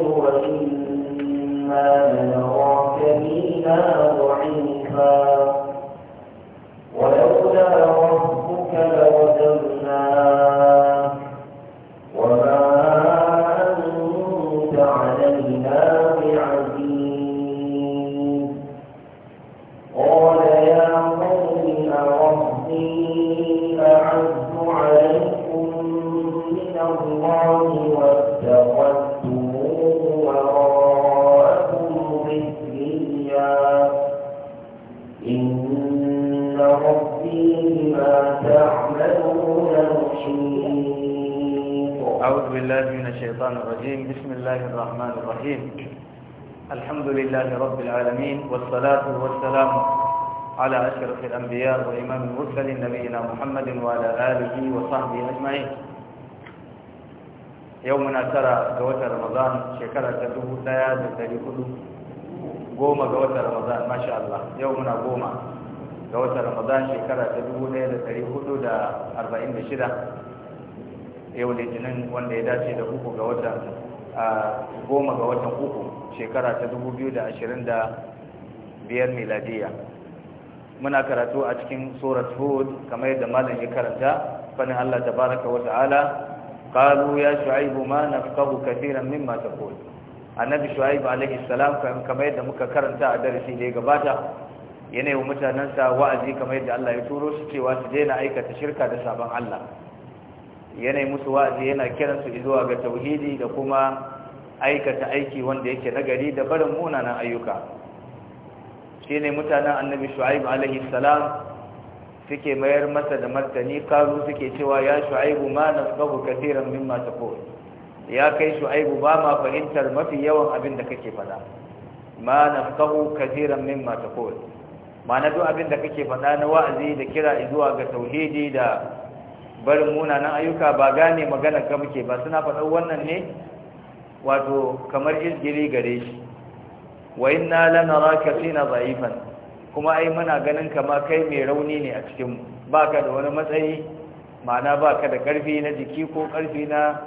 وإنا نراك فينا ضعيفا Muhammadin wa da Alihi wa sahabi Ajmai. Yau muna tara ga watan Ramadan shekara ta dubu ɗaya da ɗari huɗu. Goma ga watan Ramadan, masha Allah. Yau muna goma ga watan Ramadan shekara ta dubu ɗaya da ɗari huɗu da arba'in da shida. wanda ya dace da uku ga watan goma shekara ta dubu biyu da ashirin da biyar miladiyya. muna karatu a cikin surat hud kamar yadda malam ya karanta fani Allah tabaraka wa ta'ala qalu ya shu'aib ma nafqahu katiran mimma taqul annabi shu'aib alaihi salam kamar yadda muka karanta a darasi da ya gabata yana yi mutanen wa'azi kamar yadda Allah ya turo su cewa su daina aikata shirka da sabon Allah yana musu wa'azi yana kiran su zuwa ga tauhidi da kuma aikata aiki wanda yake nagari da barin munanan ayyuka ne mutanen annabi shu'aib alaihi salam suke mayar masa da martani karu suke cewa ya shu'aibu ma na kasiran min mimma taqul ya kai shu'aibu ba ma fahimtar mafi yawan abin da kake faɗa ma na min katiran mimma Ma na duk abin da kake faɗa na wa'azi da kira zuwa ga tauhidi da barin munanan ayyuka ba gane magana ka muke ba suna faɗa wannan ne wato kamar izgiri gare shi wa inna lanaraka fina dha'ifan kuma ai muna ganin kama kai mai rauni ne a cikin baka da wani matsayi ma'ana baka da karfi na jiki ko karfi na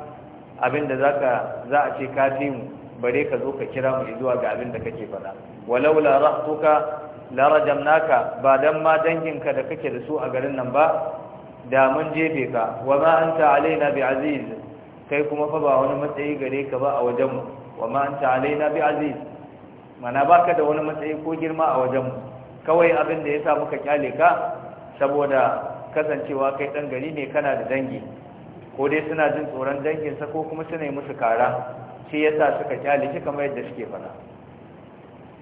abinda zaka za a ce ka mu bare ka zo ka kira mu zuwa ga abinda kake faɗa walaula rahtuka larajamnaka ba dan ma dangin ka da kake da su a garin nan ba da mun jefe ka wa ma anta alaina bi aziz kai kuma fa ba wani matsayi gare ka ba a wajenmu wa ma anta alaina bi aziz mana ka da wani matsayi ko girma a wajen kawai abin da ya sa muka kyale ka saboda kasancewa kai ɗan gari ne kana da dangi ko dai suna jin tsoron danginsa ko kuma suna yi musu kara shi yasa suka kyale shi kamar yadda suke fada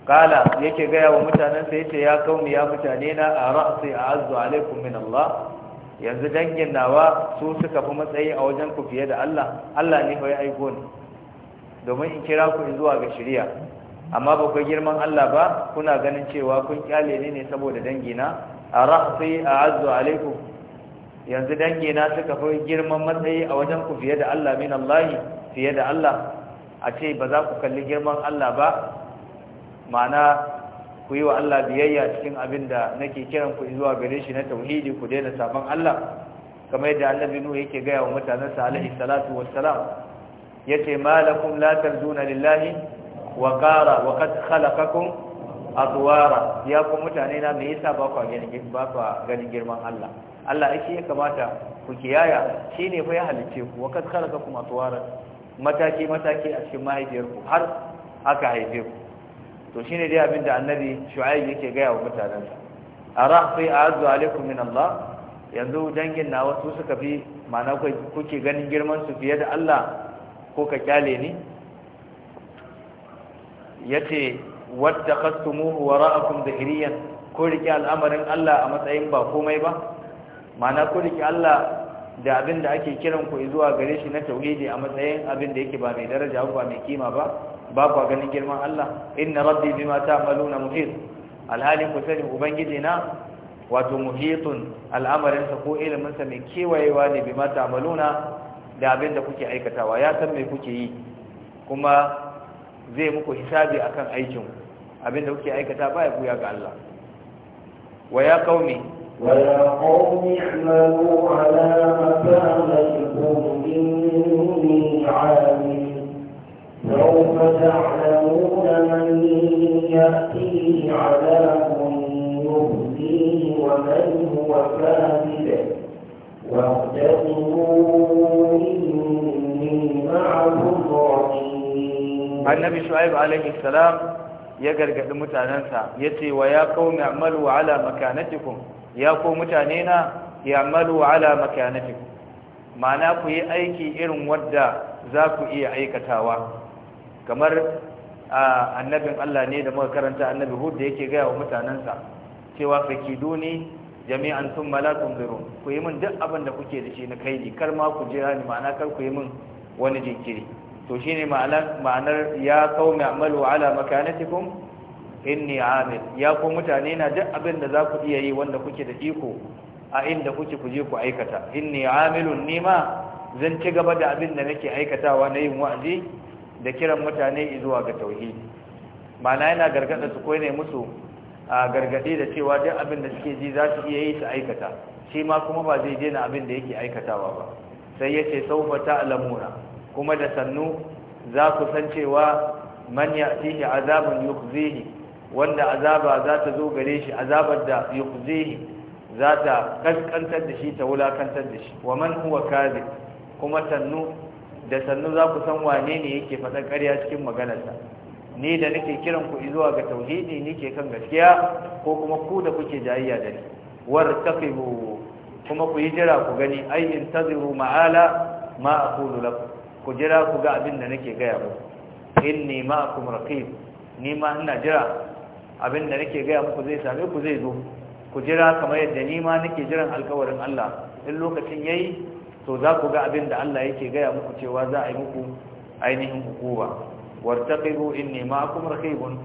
kala yake gaya wa mutanensa yace ya kauni ya mutane na a ra'si azu alaikum min Allah yanzu dangin nawa su suka fi matsayi a wajen ku fiye da Allah Allah ne fa ya aiko ni domin in kira ku zuwa ga shari'a amma ba ku girman Allah ba kuna ganin cewa kun kyale ni ne saboda dangina a rahfi a'azzu alaikum yanzu dangina suka fi girman matsayi a wajen ku fiye da Allah min Allah fiye da Allah a ce ba za ku kalli girman Allah ba ma'ana ku yi wa Allah biyayya cikin abin da nake kiran ku zuwa gare shi na tauhidi ku daina saban Allah kamar yadda annabi nuhu yake gaya wa mutanensa alaihi salatu wassalam yace malakum la tarjuna lillahi wa kara wa qad khalaqakum atwara ya ku mutane na me yasa ba ku ganin ba ku ganin girman Allah Allah shi ya kamata ku kiyaya shine fa ya halice ku wa qad khalaqakum atwara mataki mataki a cikin mahaifiyarku har aka haife ku to shine dai abinda annabi shu'aib yake gaya wa mutanansa ara fi a'udhu alaikum min Allah yanzu dangin na wasu suka fi mana kuke ganin girman su fiye da Allah ko ka kyale ni yace wadda wa wara'akum dhahiriyan ko rike al'amarin Allah a matsayin ba komai ba ma'ana ko rike Allah da abin da ake kiran ku zuwa gare shi na tauhidi a matsayin abin da yake ba mai daraja ba mai kima ba ba ku ganin girman Allah inna rabbi bima ta'maluna muhit alhalin ku sani ubangiji na wato muhitun al'amarin sa ko ilimin sa mai kewayewa ne bima ta'maluna da abin da kuke aikatawa ya san me kuke yi kuma zai muku hisabi akan aikin abinda kuke aikata baya buya ga Allah wa ya qaumi wa ya qaumi ihmalu ala masalatikum inni سوف تعلمون من يأتيه عذاب يخزيه ومن هو كاذب واعتقدوا إني معكم رقيب annabi shu'aib alaihi salam ya gargadi mutanansa yace wa ya qaumi amalu ala makanatikum ya ko mutane na ya'malu ala makanatikum ma'ana ku yi aiki irin wadda za ku iya aikatawa kamar annabin Allah ne da muka karanta annabi Hud da yake gaya wa mutanansa cewa fakiduni jami'an sun la tunzirun ku yi min duk abin da kuke da shi na kaidi kar ma ku jira ni ma'ana kar ku yi min wani jinkiri to shi ne ma'anar ya qaumi amalu ala makanatikum inni amil ya ku mutane na duk abin da za ku iya yi wanda kuke da iko a inda kuke kuje ku aikata inni amilun nima zan ci gaba da abin da nake aikatawa na yin wa'azi da kiran mutane zuwa ga ma'ana yana gargada su koyi musu a gargade da cewa duk abin da suke ji za su iya yi su aikata shi ma kuma ba zai daina abin da yake aikatawa ba sai yace saufa ta'lamuna kuma da sannu za ku san cewa man tihi azabun yukzihi wanda azaba za ta zo gare shi azabar da yukzihi za ta kaskantar da shi ta wulakantar da shi wa man huwa kadhib kuma sannu da sannu za ku san wane ne yake faɗan ƙarya cikin maganarsa ni da nake kiran ku zuwa ga tauhidi nike kan gaskiya ko kuma ku da kuke jayayya da ni wartaqibu kuma ku yi jira ku gani ayyin taziru ma'ala ma aqulu lakum ku jira ku ga abin da nake gaya muku inni ma'akum raqib ni ma ina jira abin da nake gaya muku zai same ku zai zo ku jira kamar yadda ni ma nake jiran alkawarin Allah in lokacin yayi to za ku ga abin da Allah yake gaya muku cewa za a yi muku ainihin hukuma wartaqibu inni ma'akum raqibun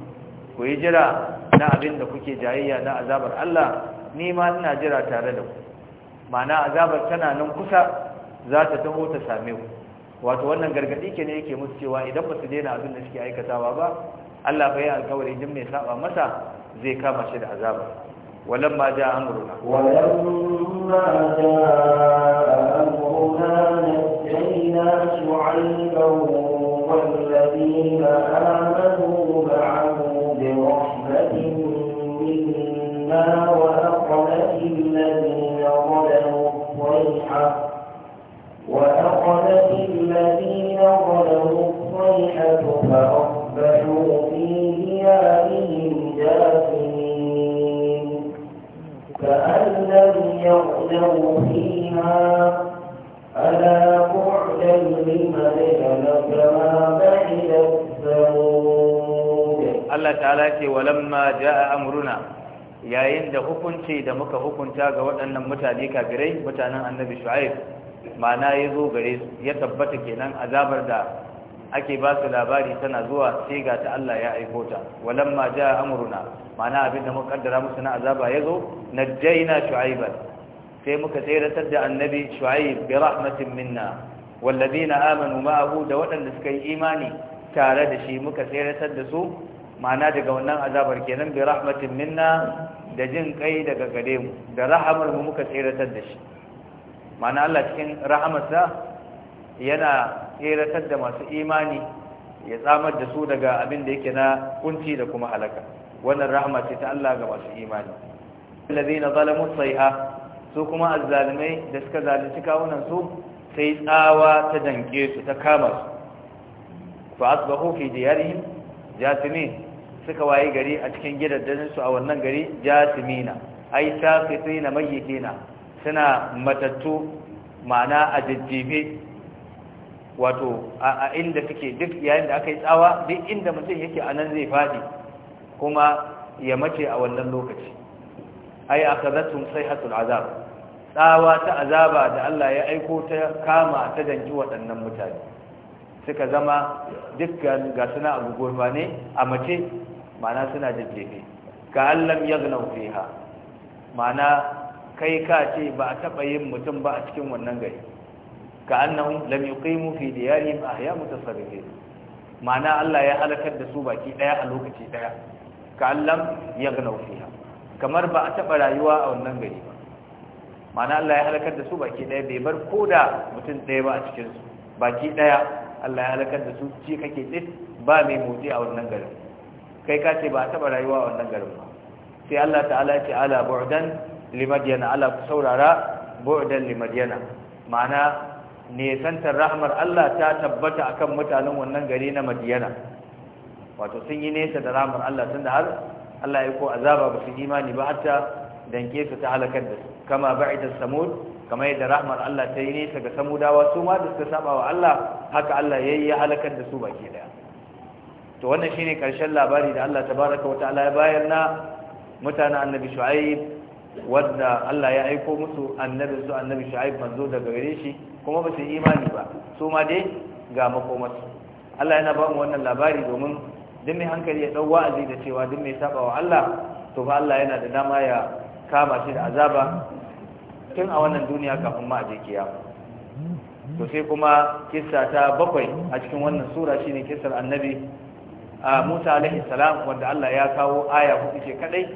ku yi jira na abin da kuke jayayya na azabar Allah ni ma ina jira tare da ku ma'ana azabar tana nan kusa za ta taho ta same ku wato wannan gargadi ke ne yake musu cewa idan ba su daina abin da suke aikatawa ba Allah bai alkawari din mai saba masa zai kama shi da azaba walamma ja amruna walamma ja amruna najjayna shu'ayban walladheena amanu ma'ahu bi rahmatin minna فأخذت الذين ظلموا الصيحة فأصبحوا في ديارهم جاثمين كأن لم يغنوا فيها ألا بعدا لمدين كما بعدت ثمود الله تعالى ولما جاء أمرنا yayin da hukunci da muka hukunta ga waɗannan mutane kafirai mutanen annabi shu'aib ma'ana ya zo gare su ya tabbata kenan azabar da ake ba su labari tana zuwa sai ga ta Allah ya aiko ta ma ja amruna ma'ana abin da muka kaddara musu na azaba ya zo najjaina shu'aiban sai muka tsayar da annabi shu'aib bi rahmatin minna walladina amanu ma'ahu da waɗanda suka yi imani tare da shi muka tsayar da su ma'ana daga wannan azabar kenan bi rahmatin minna da jin kai daga gare mu da rahamar mu muka tsayar da shi mana Allah cikin rahamarsa yana heratar da masu imani ya tsamar da su daga abin da yake na kunci da kuma halaka wannan rahama ce ta Allah ga masu imani allazina zalamu sayha su kuma azzalimai da suka zalunci kawunan su sai tsawa ta danke su ta kama su fa asbahu fi diyarihim jasimin suka waye gari a cikin gidaddajin su a wannan gari jasimina ai saqitina mayyitina suna matattu ma'ana a jajjebe wato a inda suke duk yayin da aka yi tsawa duk inda mutum yake a nan zai faɗi kuma ya mace a wannan lokaci ai sai hatsun azab tsawa ta azaba da Allah ya aiko ta kama ta danki waɗannan mutane suka zama dukkan ga suna a ne a mace ma'ana suna jajjefe ga allam yagnau fiha ma'ana kai ka ce ba a taɓa yin mutum ba a cikin wannan gari ka annahum lam yuqimu fi diyarihim ahya mutasarrifin ma'ana Allah ya halakar da su baki daya a lokaci daya ka allam yagnau fiha kamar ba a taɓa rayuwa a wannan gari ba ma'ana Allah ya halakar da su baki daya bai bar koda mutum daya ba a cikin su baki daya Allah ya halakar da su ci kake tsit ba mai motsi a wannan garin kai ka ce ba a taɓa rayuwa a wannan garin ba sai Allah ta'ala ce ala bu'dan limadiyana Allah ku saurara bu'dan limadiyana ma'ana nesantar rahmar Allah ta tabbata akan mutanen wannan gari na madiyana wato sun yi nesa da rahmar Allah tunda har Allah ya ko azaba ba su imani ba hatta danke su ta halakar da su kama ba'ida samud kama yadda rahmar Allah ta yi nesa ga samudawa su ma da suka saba wa Allah haka Allah yayi ya halakar da su baki daya to wannan shine karshen labari da Allah tabaraka wa ta'ala ya bayar na mutanen annabi shu'aib wadda Allah ya aiko musu annabin su annabi Shu'aib manzo daga gare shi kuma ba su imani ba su ma dai ga makomarsu Allah yana ba mu wannan labari domin duk mai hankali ya dau wa'azi da cewa duk mai saba wa Allah to fa Allah yana da dama ya kama shi da azaba tun a wannan duniya kafin ma a je kiyama to sai kuma kissa ta bakwai a cikin wannan sura shine kissar annabi Musa alaihi salam wanda Allah ya kawo aya hudu ce kadai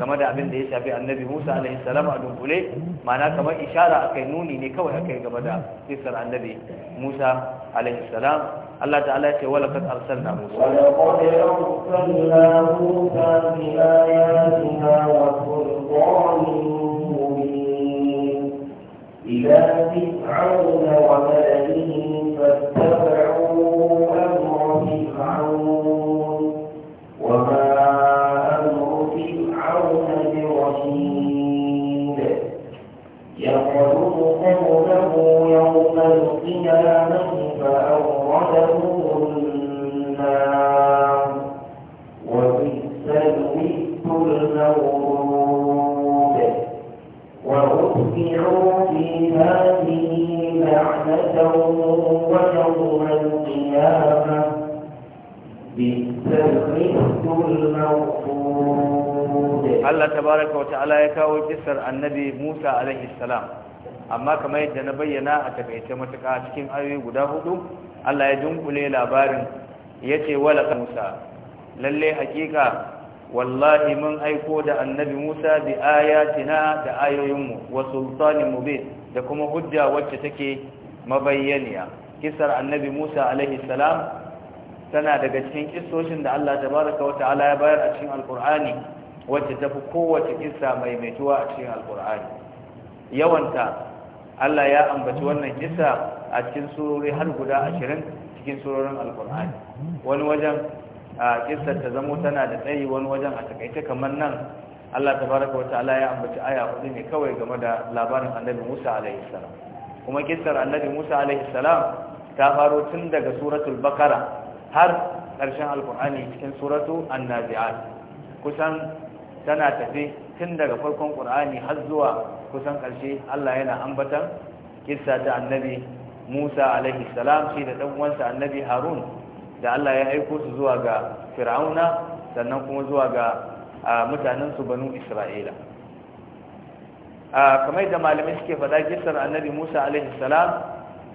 game da abin da ya shafi annabi Musa alaihi salam a dunkule mana kamar ishara akai nuni ne kawai akai game da kisar annabi Musa alaihi salam Allah ta'ala ya ce wala kad arsalna Musa wa laqad arsalna Musa bi ayatina wa sultanin mubin ila fir'auna wa mala'ihi fattaba'u amra fir'auna يوم القيامة فأورده النار وبئس الوئت المورود وأتبعوا في هذه لعنة ويوم القيامة بئس الرفق المرفود الله تبارك وتعالى يكاوي قصر النبي موسى عليه السلام amma kamar yadda na bayyana a takaice matuƙa cikin ayoyi guda hudu Allah ya dunkule labarin yace wala Musa lalle hakika wallahi mun aiko da annabi Musa bi ayatina da ayoyinmu wa sultanin mubin da kuma hujja wacce take mabayyaniya kisar annabi Musa alaihi salam tana daga cikin kissoshin da Allah tabaraka wa ta'ala ya bayar a cikin alqur'ani wacce tafi kowace kissa mai maituwa a cikin alqur'ani yawanta Allah ya ambaci wannan kisa a cikin surori har guda ashirin cikin surorin alkur'ani wani wajen a kisar ta zamo tana da tsayi wani wajen a takaice kamar nan Allah ta tabaraka wata ta'ala ya ambaci aya hudu ne kawai game da labarin annabi Musa alaihi salam kuma kisar annabi Musa alaihi salam ta faro tun daga suratul bakara har ƙarshen alkur'ani cikin suratu annazi'at kusan tana tafi tun daga farkon ƙur'ani har zuwa kusan ƙarshe Allah yana ambatan kissa ta annabi Musa alaihi salam shi da dan uwansa annabi Harun da Allah ya aiko su zuwa ga Fir'auna sannan kuma zuwa ga mutanen su banu Isra'ila kamar da malamai suke faɗa kissar annabi Musa alaihi salam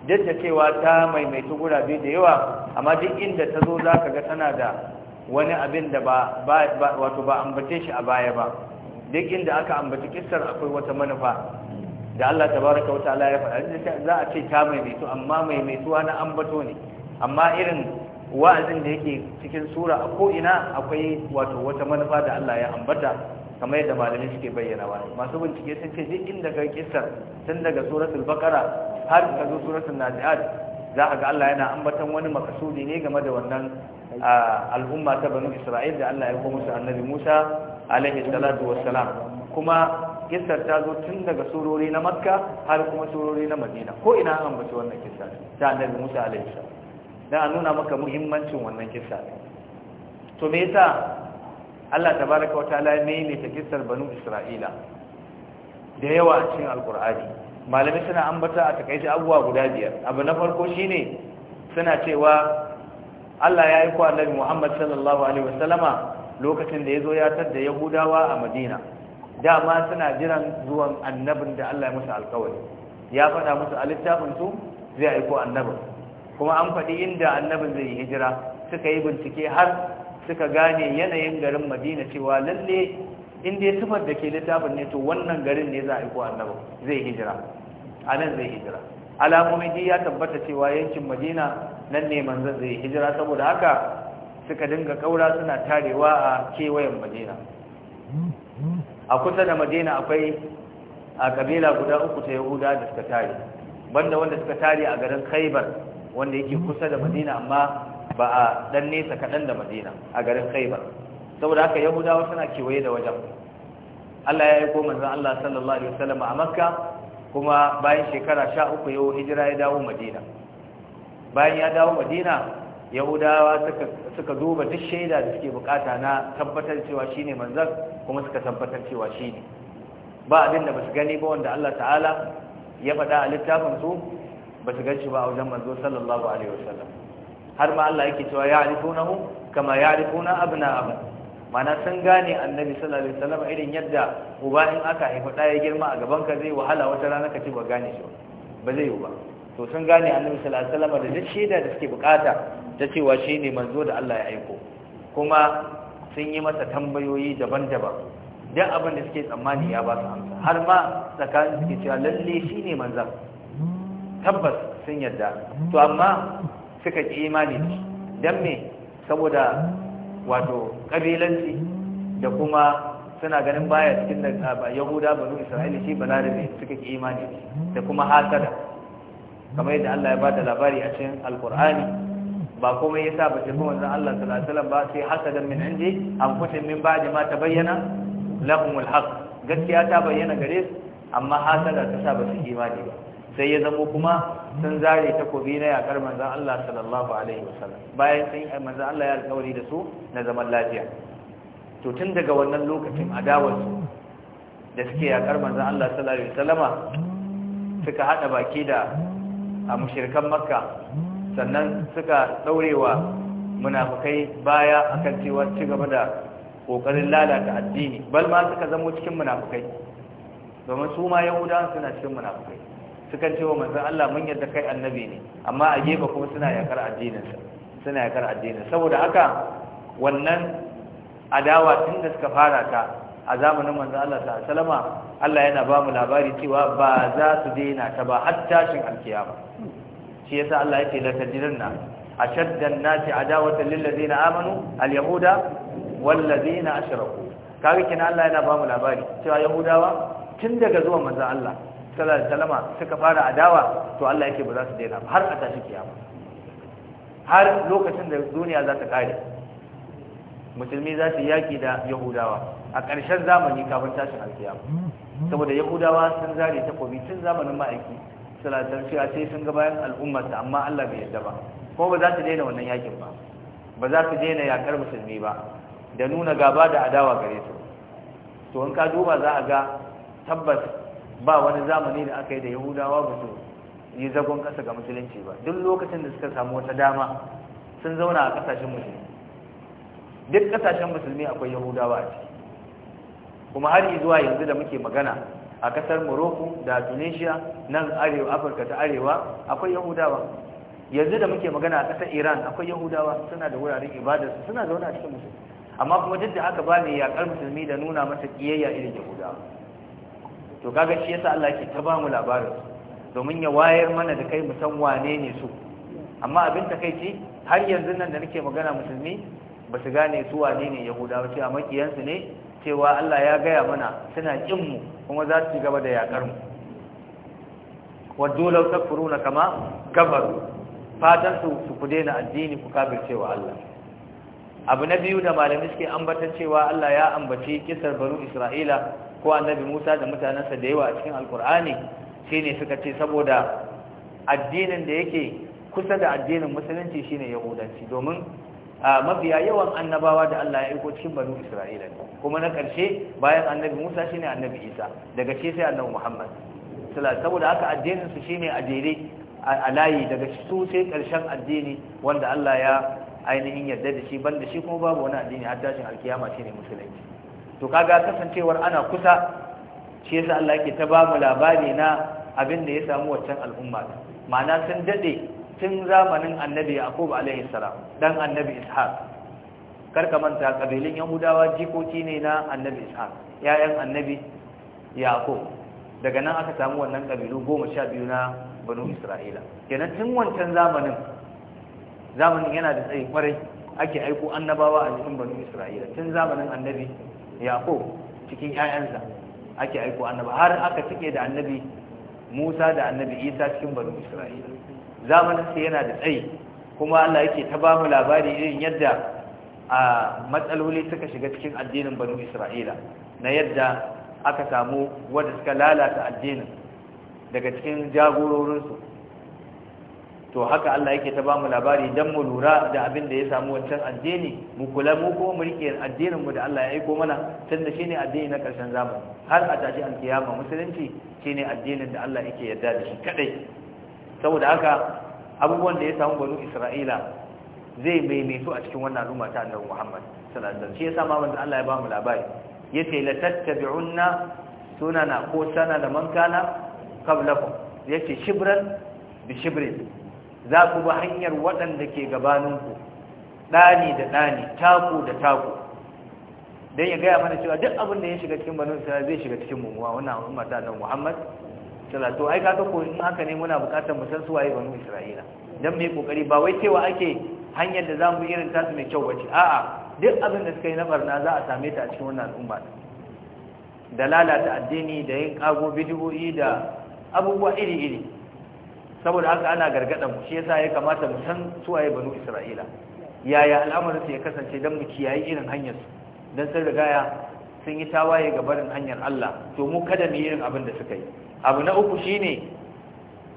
duk cewa ta maimaitu gurabe da yawa amma duk inda ta zo za ka ga tana da wani abin da ba wato ba ambace shi a baya ba duk inda aka ambaci kissar akwai wata manufa da Allah tabaraka wa ta'ala ya faɗa za a ce ta maimaito amma maimaituwa na ambato ne amma irin wa'azin da yake cikin sura a ko'ina akwai wato wata manufa da Allah ya ambata kamar yadda malamai suke bayyana wa masu bincike sun ce duk inda ga kissar tun daga suratul baqara har ka zo suratul nazi'at za a ga Allah yana ambatan wani makasudi ne game da wannan al'umma ta banu Isra'il da Allah ya koma musu annabi Musa alaihi salatu wassalam kuma kissar ta zo tun daga surori na makka har kuma surori na madina ko ina an ambaci wannan kissa ta annabi musa alaihi salam dan a nuna maka muhimmancin wannan kissa to me yasa Allah tabaraka wataala ya ta kissar banu isra'ila da yawa a cikin alqur'ani malamai suna ambata a takaice abuwa guda biyar abu na farko shine suna cewa Allah ya aika annabi Muhammad sallallahu alaihi wasallama lokacin da ya zo ya tadda yahudawa a madina dama suna jiran zuwan annabin da Allah ya musu alkawari ya faɗa musu a littafin su zai aiko annabin kuma an faɗi inda annabin zai yi hijira suka yi bincike har suka gane yanayin garin madina cewa lalle inda ya sifar da ke littafin ne to wannan garin ne za a aiko annabin zai hijira a nan zai hijira alamomi ya tabbata cewa yankin madina nan ne manzon zai hijira saboda haka suka dinga kaura suna tarewa a kewayen madina a kusa da madina akwai a kabila guda uku ta yahuda da suka tare banda wanda suka tare a garin khaibar wanda yake kusa da madina amma ba a dan nesa kaɗan da madina a garin khaibar saboda haka yahudawa suna kewaye da wajen Allah ya yi ko manzan Allah sallallahu alaihi wasallam a makka kuma bayan shekara sha uku yau hijira ya dawo madina bayan ya dawo madina yahudawa suka duba duk shaida da suke bukata na tabbatar cewa shine manzan kuma suka tabbatar cewa shine ba abin da su gani ba wanda Allah ta'ala ya faɗa a littafin su gan shi ba a wajen manzo sallallahu alaihi wasallam har ma Allah yake cewa hun kama na abu na abu, mana sun gane annabi sallallahu alaihi wasallam irin yadda uba in aka haifa da girma a gaban ka zai wahala wata rana ka ce ba gane shi ba zai yi ba to sun gane annabi sallallahu alaihi wasallam da duk shaida da suke bukata ta cewa shine manzo da Allah ya aiko kuma sun yi masa tambayoyi daban-daban duk abin da suke tsammani ya ba su amsa har ma tsakanin suke cewa lalle ne manzo tabbas sun yarda to amma suka ki imani dan me saboda wato kabilanci da kuma suna ganin baya cikin da Yahuda banu Isra'ila shi ne suka ki imani da kuma hasada kamar yadda Allah ya bada labari a cikin alkur'ani ba komai yasa ba tafi manzon Allah sallallahu alaihi wasallam ba sai hasadan min indi an kusa min ba'di ma ta bayyana lahumul haqq gaskiya ta bayyana gare su amma hasada ta sa ba su imani ba sai ya zamo kuma sun zare takobi na yakar manzon Allah sallallahu alaihi wasallam bayan sun yi manzon Allah ya alƙawari da su na zaman lafiya to tun daga wannan lokacin adawar su da suke yakar manzon Allah sallallahu alaihi wasallama suka hada baki da a mushirkan makka sannan suka daurewa munafukai baya akan cewa ci gaba da kokarin lalata addini bal ma suka zamo cikin munafukai domin su ma suna cikin munafukai sukan ce manzon Allah mun yarda kai annabi ne amma a gefe kuma suna yakar addininsa suna yakar addinin saboda haka wannan adawa tun da suka fara ta a zamanin manzon Allah alaihi Allah yana ba mu labari cewa ba za su daina ta ba har tashin alkiyama shi yasa Allah yake la tajidanna ashadda an-nasi lil ladina amanu al-yahuda wal ladina ashraku kage kin Allah yana ba mu labari cewa yahudawa tun daga zuwan manzon Allah sallallahu alaihi wasallam suka fara adawa to Allah yake ba za su daina har a tashi kiyama har lokacin da duniya za ta kare musulmi za su yaki da yahudawa a ƙarshen zamani kafin tashin alkiyama saboda yahudawa sun zare takobi tun zamanin ma'aiki salatar a sai sun ga bayan amma Allah bai yarda ba ko ba za su daina wannan yakin ba ba za su daina yakar musulmi ba da nuna gaba da adawa gare su to in ka duba za a ga tabbas ba wani zamani da aka yi da yahudawa ba su yi zagon ƙasa ga musulunci ba duk lokacin da suka samu wata dama sun zauna a ƙasashen musulmi duk ƙasashen musulmi akwai yahudawa a ciki kuma har zuwa yanzu da muke magana a kasar morocco da tunisia nan arewa afirka ta arewa akwai yahudawa yanzu da muke magana a kasar iran akwai yahudawa suna da wuraren ibadarsu, suna zaune a cikin musulmi amma kuma duk da aka ba ne yakar musulmi da nuna masa kiyayya irin yahudawa to kaga shi yasa Allah ke ta ba mu labarin domin ya wayar mana da kai mu san wane ne su amma abin takaici, har yanzu nan da nake magana musulmi ba su gane su wane ne yahudawa ce amma kiyansu ne cewa Allah ya gaya mana suna mu kuma za su gaba da yakarmu. mu waddu furu na kama kafaru fatan su kude ku addini ku cewa Allah abu na biyu da malamai suke ambata cewa Allah ya ambaci kisar banu Isra'ila ko annabi Musa da mutanensa da yawa a cikin alkur'ani shine suka ce saboda addinin da yake kusa da addinin musulunci shine yahudanci domin a mafiya yawan annabawa da Allah ya aiko cikin banu Isra'ila kuma na ƙarshe bayan annabi Musa shine annabi Isa daga ce sai annabi Muhammad saboda haka addinin su shine a jere a layi daga su sai karshen addini wanda Allah ya ainihin yarda da shi banda shi kuma babu wani addini har tashin alkiyama shine musulunci to kaga kasancewar ana kusa shi yasa Allah yake ta bamu labari na abin da ya samu waccan al'umma ma'ana sun dade tun zamanin annabi yaqub alaihi salam dan annabi ishaq karka manta kabilin yahudawa jikoki ne na annabi ishaq yayan annabi yaqub daga nan aka samu wannan kabilu 12 na banu isra'ila kenan tun wancan zamanin zamanin yana da tsayi kwarai ake aiko annabawa a cikin banu isra'ila tun zamanin annabi yaqub cikin ƴaƴansa ake aiko annaba har aka cike da annabi Musa da annabi Isa cikin banu Isra'ila zamaninsa yana da tsayi kuma Allah yake ta ba mu labari irin yadda a matsaloli suka shiga cikin addinin banu isra'ila na yadda aka samu wadda suka lalata addinin daga cikin jagororinsu to haka Allah yake ta ba mu labari don mu lura da abin da ya samu wancan addini mu kula mu ko mu rike addinin mu da Allah ya aiko mana tun da shine addini na karshen zamani har a tashi alkiyama musulunci shine addinin da Allah yake yarda da shi kadai saboda haka abubuwan da ya samu banu isra'ila zai maimaito a cikin wannan al'umma ta annabi muhammad sallallahu alaihi wasallam shi yasa ma Allah ya ba mu labari yace la tattabi'unna sunana ko sana da man kana qablakum yace shibran bi shibrin za ku ba hanyar waɗanda ke gabaninku ɗani da ɗani taku da taku don ya gaya mana cewa duk abin da ya shiga cikin banu isra'ila zai shiga cikin wa wannan al'umma ta annabi muhammad sallah to ai ta ko in haka ne muna bukatar mu su waye banu Isra'ila dan mai kokari ba wai cewa ake hanyar da zamu irin tasu mai kyau wace a'a duk abin da suka yi na barna za a same ta a cikin wannan al'umma da lalata addini da yin kago bidiyoyi da abubuwa iri-iri saboda haka ana gargada mu shi yasa ya kamata mu san su waye banu Isra'ila yaya al'amarin su ya kasance dan mu kiyaye irin hanyar su dan da rigaya sun yi tawaye ga barin hanyar Allah to mu kada mu yi irin abin da suka yi abu na uku shine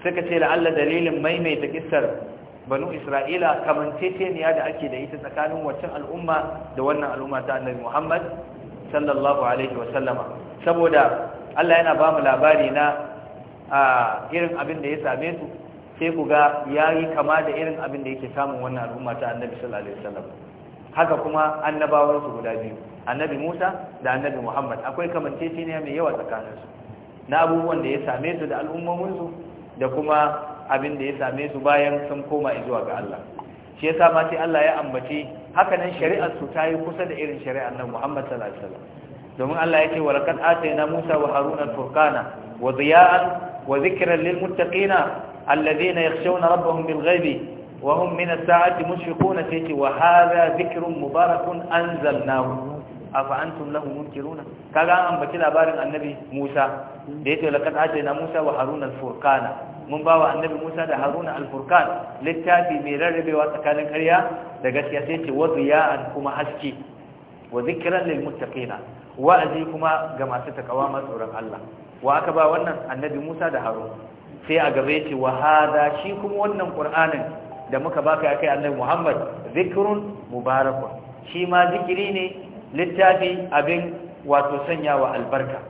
suka ce la'alla dalilin maimaita kisar banu isra'ila kamanteteniya da ake da ita tsakanin waccan al'umma da wannan al'umma ta annabi muhammad sallallahu alaihi wasallama saboda allah yana ba mu labari na irin abin da ya same su sai ku ga ya yi kama da irin abin da yake samun wannan al'umma ta annabi sallallahu alaihi wasallam haka kuma annabawansu guda biyu annabi musa da annabi muhammad akwai kamanceceniya mai yawa tsakaninsu na abubuwan da ya same su da al'ummominsu da kuma abin da ya same su bayan sun koma zuwa ga Allah shi yasa ma sai Allah ya ambaci hakanan shari'ar su ta yi kusa da irin shari'ar nan Muhammad sallallahu alaihi wasallam domin Allah yake wa laqad atayna Musa wa Haruna furqana wa diya'an wa dhikran lil muttaqina alladhina yakhshawna rabbahum bil ghaibi wa hum min as-sa'ati mushfiquna tati wa hadha dhikrun mubarakun anzalnahu afa antum lahu munkiruna kaga an ambaci labarin annabi Musa da yake laqad atayna Musa wa Haruna al-furqana mun bawa annabi Musa da Haruna al-furqan littafi mai rarrabewa tsakanin ƙarya da gaskiya sai ce wadiya'an kuma haske wa zikran lil muttaqina wa'azi kuma ga masu takawa masu tsoron Allah wa aka ba wannan annabi Musa da Haruna sai a gaba yace wa hada shi kuma wannan Qur'anin da muka baka kai annabi Muhammad Zikirun mubarakun shi ma zikiri ne littafi abin wato sanya wa albarka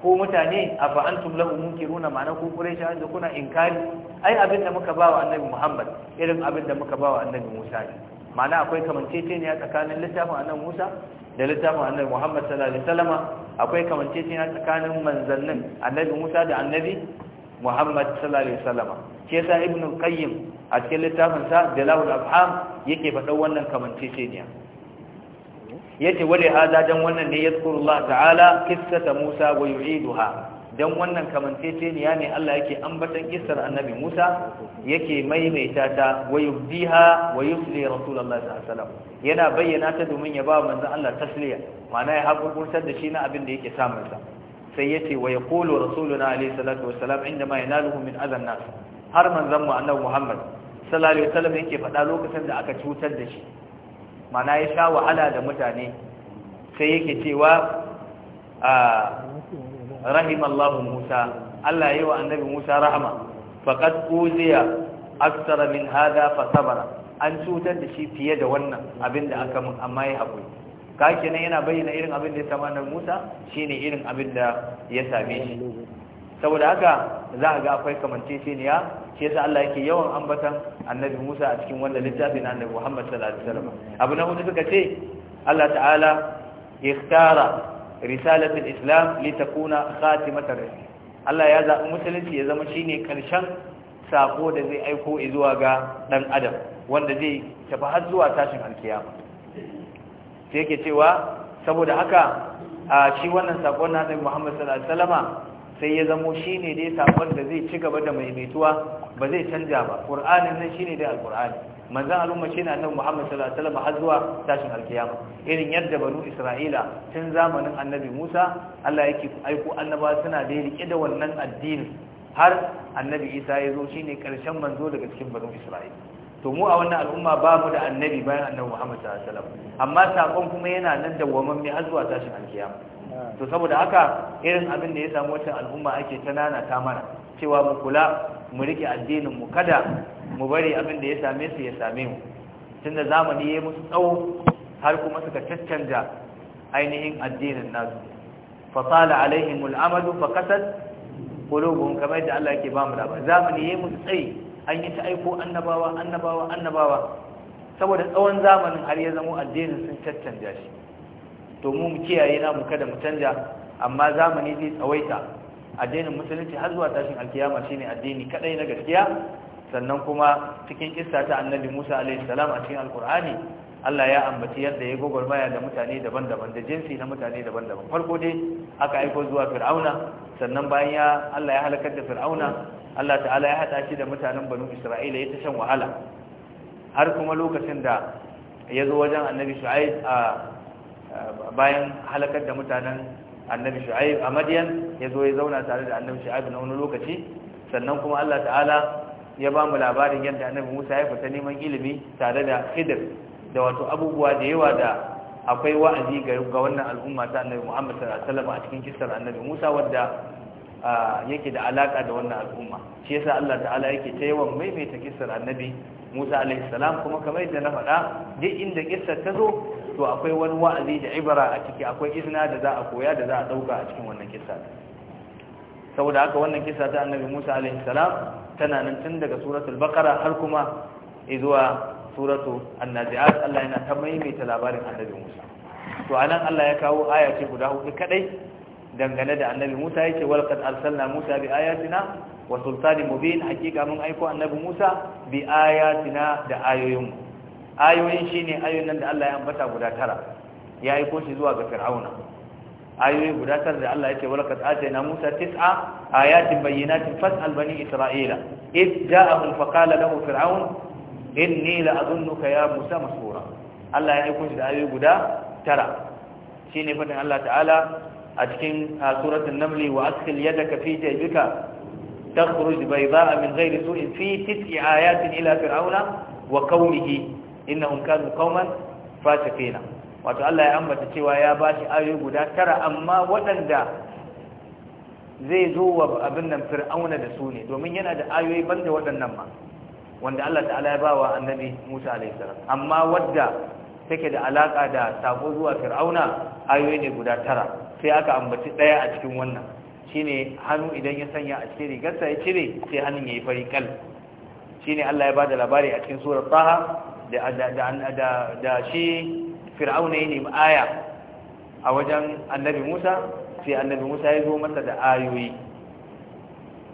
ko mutane afa antum lahu munkiruna ma'ana ku quraisha da kuna inkari ai abin da muka bawa annabi Muhammad irin abin da muka bawa annabi Musa ne ma'ana akwai kamanceceniya tsakanin littafin annabi Musa da littafin annabi Muhammad sallallahu alaihi wasallama akwai kamanceceniya tsakanin manzannin annabi Musa da annabi Muhammad sallallahu alaihi wasallama sa yasa ibnu qayyim a cikin littafin sa dalal abham yake faɗa wannan kamanceceniya yace wale hada dan wannan ne yazkurullah ta'ala qissata Musa wa yu'iduha dan wannan kamanceceniya ne Allah yake ambatan kissar annabi Musa yake maimaita ta wa yubdiha wa yusli rasulullahi sallallahu alaihi wasallam yana bayyana ta domin ya ba manzon Allah tasliya ma'ana ya hakurkurtar da shi na abin da yake samun sa sai yace wa yaqulu rasuluna alaihi salatu wassalam indama yanaluhu min adan nas har manzon mu annabi Muhammad sallallahu alaihi wasallam yake faɗa lokacin da aka cutar da shi mana ya sha wahala da mutane sai yake cewa rahimallahu Musa Allah yi wa annabi Musa rahama faqad uziya aksara min hada fa sabara an cutar da shi fiye da wannan abin da aka mun amma ya haƙuri ka kenan yana bayyana irin abin da ya sama annabi Musa shine irin abin da ya same shi saboda haka za a ga akwai kamanceceniya shi sa Allah yake yawan ambatan annabi Musa a cikin wannan littafin annabi Muhammad sallallahu alaihi wasallam abu na hudu suka ce Allah ta'ala ikhtara risalat al-islam litakuna khatimat ar-rusul Allah ya zaɓi musulunci ya zama shine karshen sako da zai aiko zuwa ga dan adam wanda zai tafi har zuwa tashin alkiyama sai yake cewa saboda haka a shi wannan sakon na Annabi Muhammad sallallahu alaihi wasallama sai ya zamo shi ne dai sakon da zai ci gaba da maimaituwa ba zai canja ba qur'anin nan ne dai alqur'ani manzan al'umma shine annabi Muhammad sallallahu alaihi wasallam har zuwa tashin alkiyama irin yadda banu Isra'ila tun zamanin annabi Musa Allah yake aiko annaba suna da rike da wannan addini har annabi Isa ya zo shi ne karshen manzo daga cikin banu Isra'ila to mu a wannan al'umma ba mu da annabi bayan annabi Muhammad sallallahu alaihi wasallam amma sakon kuma yana nan dawwaman mai har zuwa tashin alkiyama to saboda haka irin abin da ya samu wacin al'umma ake ta nana ta mana cewa mu kula mu rike addinin mu kada mu bari abin da ya same su ya same mu tunda zamani ya musu tsawo har kuma suka caccanja ainihin addinin nasu fasala alaihimul amalu fakasat qulubuhum kamar yadda Allah yake ba mu labari zamani ya musu tsayi an yi ta aiko annabawa annabawa annabawa saboda tsawon zamanin har ya zamo addinin sun caccanja shi to mu kiyaye na mu kada mu canja amma zamani zai tsawaita addinin musulunci har zuwa tashin alkiyama shine addini kadai na gaskiya sannan kuma cikin kissa ta annabi Musa alaihi salam a cikin alkur'ani Allah ya ambaci yadda ya baya da mutane daban-daban da jinsi na mutane daban-daban farko dai aka aiko zuwa fir'auna sannan bayan ya Allah ya halakar da fir'auna Allah ta'ala ya hada shi da mutanen banu Isra'ila ya ta shan wahala har kuma lokacin da ya zo wajen annabi Shu'aib a bayan halakar da mutanen annabi shu'aib a madiyan ya zo ya zauna tare da annabi shu'aib na wani lokaci sannan kuma Allah ta'ala ya ba mu labarin yadda annabi Musa ya fita neman ilimi tare da Khidir da wato abubuwa da yawa da akwai wa'azi ga wannan al'umma ta annabi Muhammad sallallahu alaihi wasallam a cikin kissar annabi Musa wadda yake da alaka da wannan al'umma shi yasa Allah ta'ala yake ta yawan maimaita kissar annabi Musa alaihi salam kuma kamar yadda na faɗa duk inda kissar ta zo to akwai wani wa'azi da ibara a ciki akwai izina da za a koya da za a dauka a cikin wannan kissa saboda haka wannan kissa ta annabi Musa alaihi salam tana nan tun daga suratul baqara har kuma zuwa suratu annazi'at Allah yana ta maimaita labarin annabi Musa to anan Allah ya kawo aya ce guda hudu kadai dangane da annabi Musa yake walqad arsalna Musa bi ayatina wa sultanin mubin hakika mun aiko annabi Musa bi ayatina da ayoyin ayoyin shine ayoyin nan da Allah ya ambata guda tara ya aiko shi zuwa ga Fir'auna ayoyi guda tara da Allah yake walqad atayna Musa tis'a ayatin bayyinatin fas'al bani Isra'ila id ja'ahum faqala lahu fir'aun inni la'adunnuka ya Musa masura Allah ya aiko shi da ayoyi guda tara shine fadin Allah ta'ala a cikin suratul namli wa askil yadaka fi jaybika takhruj bayda'a min ghairi su'in fi tis'i ayatin ila fir'auna wa qaumihi innahum kanu qauman fasiqina wato Allah ya ambata cewa ya bashi ayoyi guda tara amma waɗanda zai zo wa abin nan fir'auna da su ne domin yana da ayoyi banda waɗannan ma wanda Allah ta'ala ya bawa annabi Musa alaihi salam amma wadda take da alaka da sabo zuwa fir'auna ayoyi ne guda tara sai aka ambaci ɗaya a cikin wannan shine hannu idan ya sanya a cikin rigarsa ya cire sai hannun ya yi fari kal shine Allah ya bada labari a cikin surar Taha da da shi Fir'auna ya aya a wajen Annabi Musa sai Annabi Musa ya zo masa da ayoyi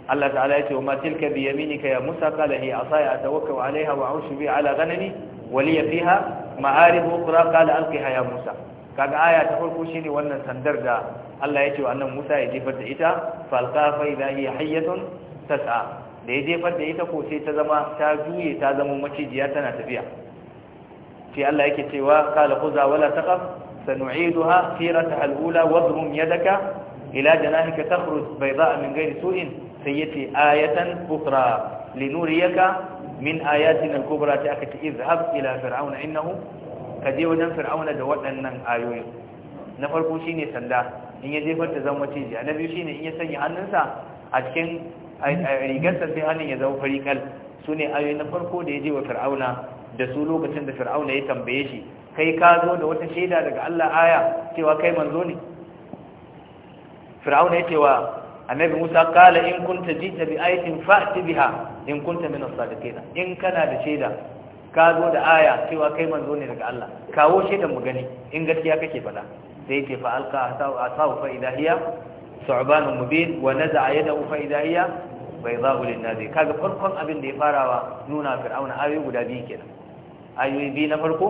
Allah ta'ala ya ce wa ma tilka bi yaminika ya Musa qala hi asaya atawakkau alaiha wa a'ushu bi ala ghanami wa li fiha ma'arib ukhra qala alqiha ya Musa kaga aya ta farko shine wannan sandar da Allah ya ce wa annan Musa ya jefar da ita falqa fa idha hiya hayyatun tas'a da ya jefar da ita ko sai ta zama ta juye ta zama macijiya tana tafiya sai Allah yake cewa qala khuza wala taqaf sanu'iduha sirataha al-ula wadhum yadaka ila janahika takhruj bayda'a min ghayri su'in sayyati ayatan ukhra linuriyaka min ayatina al-kubra ta'ati idhhab ila fir'auna innahu ka je wajen fir'auna da waɗannan ayoyi na farko shine sanda in ya jefar ta zama maciji a na biyu shine in ya sanya hannunsa a cikin rigarsa sai hannun ya zama farikal su ne ayoyi na farko da ya je wa fir'auna da su lokacin da fir'auna ya tambaye shi kai ka zo da wata shaida daga Allah aya cewa kai manzo ne fir'auna ya ce wa annabi Musa kala in kunta jita bi ayatin fa'ti biha in kunta min as-sadiqin in kana da shaida ka zo da aya cewa kai manzo ne daga Allah kawo shaidan mu gani in gaskiya kake faɗa sai ce fa alqa asahu fa idahiya su'banun mubin wa naza'a yadahu fa idahiya baydha'u lin kaga farkon abin da ya farawa nuna fir'auna ayoyi guda biyu kenan ayoyi biyu na farko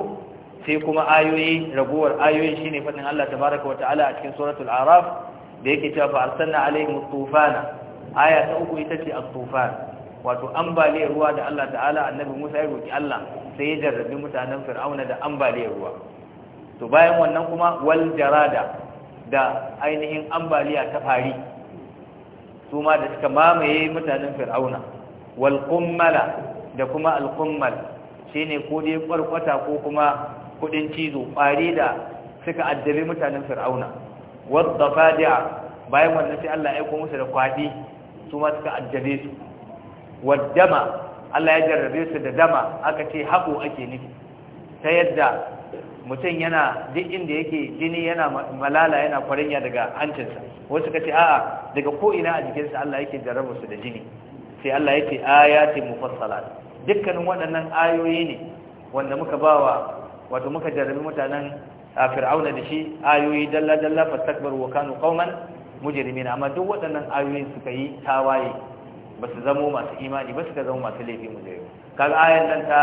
sai kuma ayoyi ragowar ayoyin shine fadin Allah tabaraka wa ta'ala a cikin suratul a'raf da yake cewa fa arsalna alaihim tufana aya ta uku ita ce at-tufan wato ambaliyar ruwa da Allah ta'ala annabi Musa ya roki Allah sai ya jarrabi mutanen Fir'auna da ambaliyar ruwa to bayan wannan kuma wal jarada da ainihin ambaliya ta fari su ma da suka mamaye mutanen Fir'auna wal qummala da kuma al qummal shine ko dai kwarkwata ko kuma kudin cizo kwari da suka addabi mutanen Fir'auna wad dafadi'a bayan wannan sai Allah ya aika musu da kwadi su ma suka addabe su waddama Allah ya jarrabe su da dama aka ce haɓo ake nufi ta yadda mutum yana duk inda yake jini yana malala yana kwarinya daga hancinsa wasu ka ce a'a daga ko'ina a jikinsa Allah yake jarraba su da jini sai Allah ya ce yake mu mufassala dukkanin waɗannan ayoyi ne wanda muka bawa wato muka jarrabi mutanen fir'auna da shi ayoyi dalla dalla fastakbaru wa kanu kauman mujirimina amma duk waɗannan ayoyin suka yi tawaye ba su zamo masu imani ba su ka zama masu laifi mu zai kaga ayan nan ta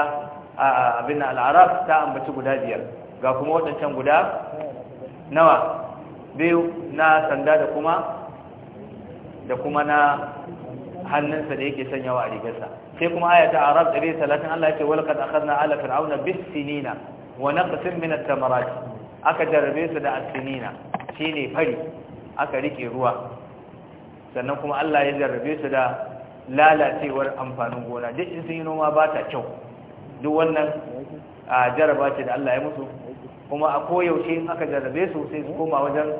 abin al'arab ta ambaci guda biyar ga kuma waɗancan guda nawa biyu na sanda da kuma da kuma na hannunsa da yake sanyawa a rigarsa sai kuma aya ta arab 130 Allah ya ce walqad akhadna ala fir'auna bis-sinina wa naqsin min at-tamarat aka jarabe su da as-sinina shine fari aka rike ruwa sannan kuma Allah ya jarabe su da lalacewar amfanin gona duk in sun yi noma ba ta kyau duk wannan a jaraba ce da Allah ya musu kuma a koyaushe in aka jarrabe su sai su koma wajen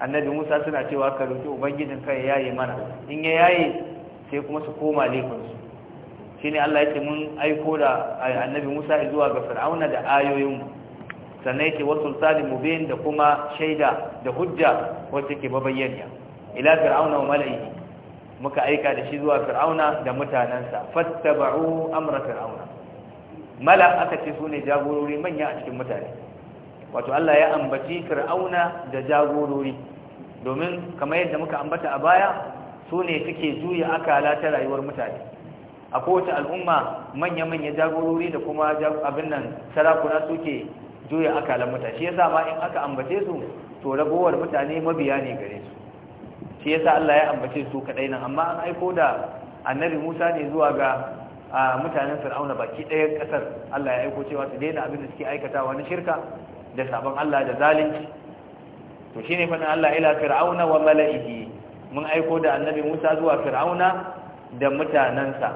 annabi Musa suna cewa ka roki ubangijin kai yi mana in ya yaye sai kuma su koma laifinsu ne Allah ya ce mun aiko da annabi Musa zuwa ga Fir'auna da ayoyin sannan yake wasu sultani mubin da kuma shaida da hujja wacce ke babayyana ila fir'auna wa malaiki muka aika da shi zuwa fir'auna da mutanansa fattaba'u amra fir'auna mala aka ce su jagorori manya a cikin mutane wato Allah ya ambaci fir'auna da jagorori domin kamar yadda muka ambata a baya sune ne suke juya akala ta rayuwar mutane a kowace al'umma manya-manya jagorori da kuma abin nan sarakuna suke juya akalan mutane shi yasa ma in aka ambace su to ragowar mutane mabiya ne gare su shi yasa Allah ya ambace su kadai nan amma an aiko da annabi Musa ne zuwa ga mutanen Fir'auna baki ɗayan kasar Allah ya aiko cewa su daina abin da suke aikatawa na shirka da sabon Allah da zalunci to shine fa Allah ila fir'auna wa mala'ihi mun aiko da annabi Musa zuwa fir'auna da mutanansa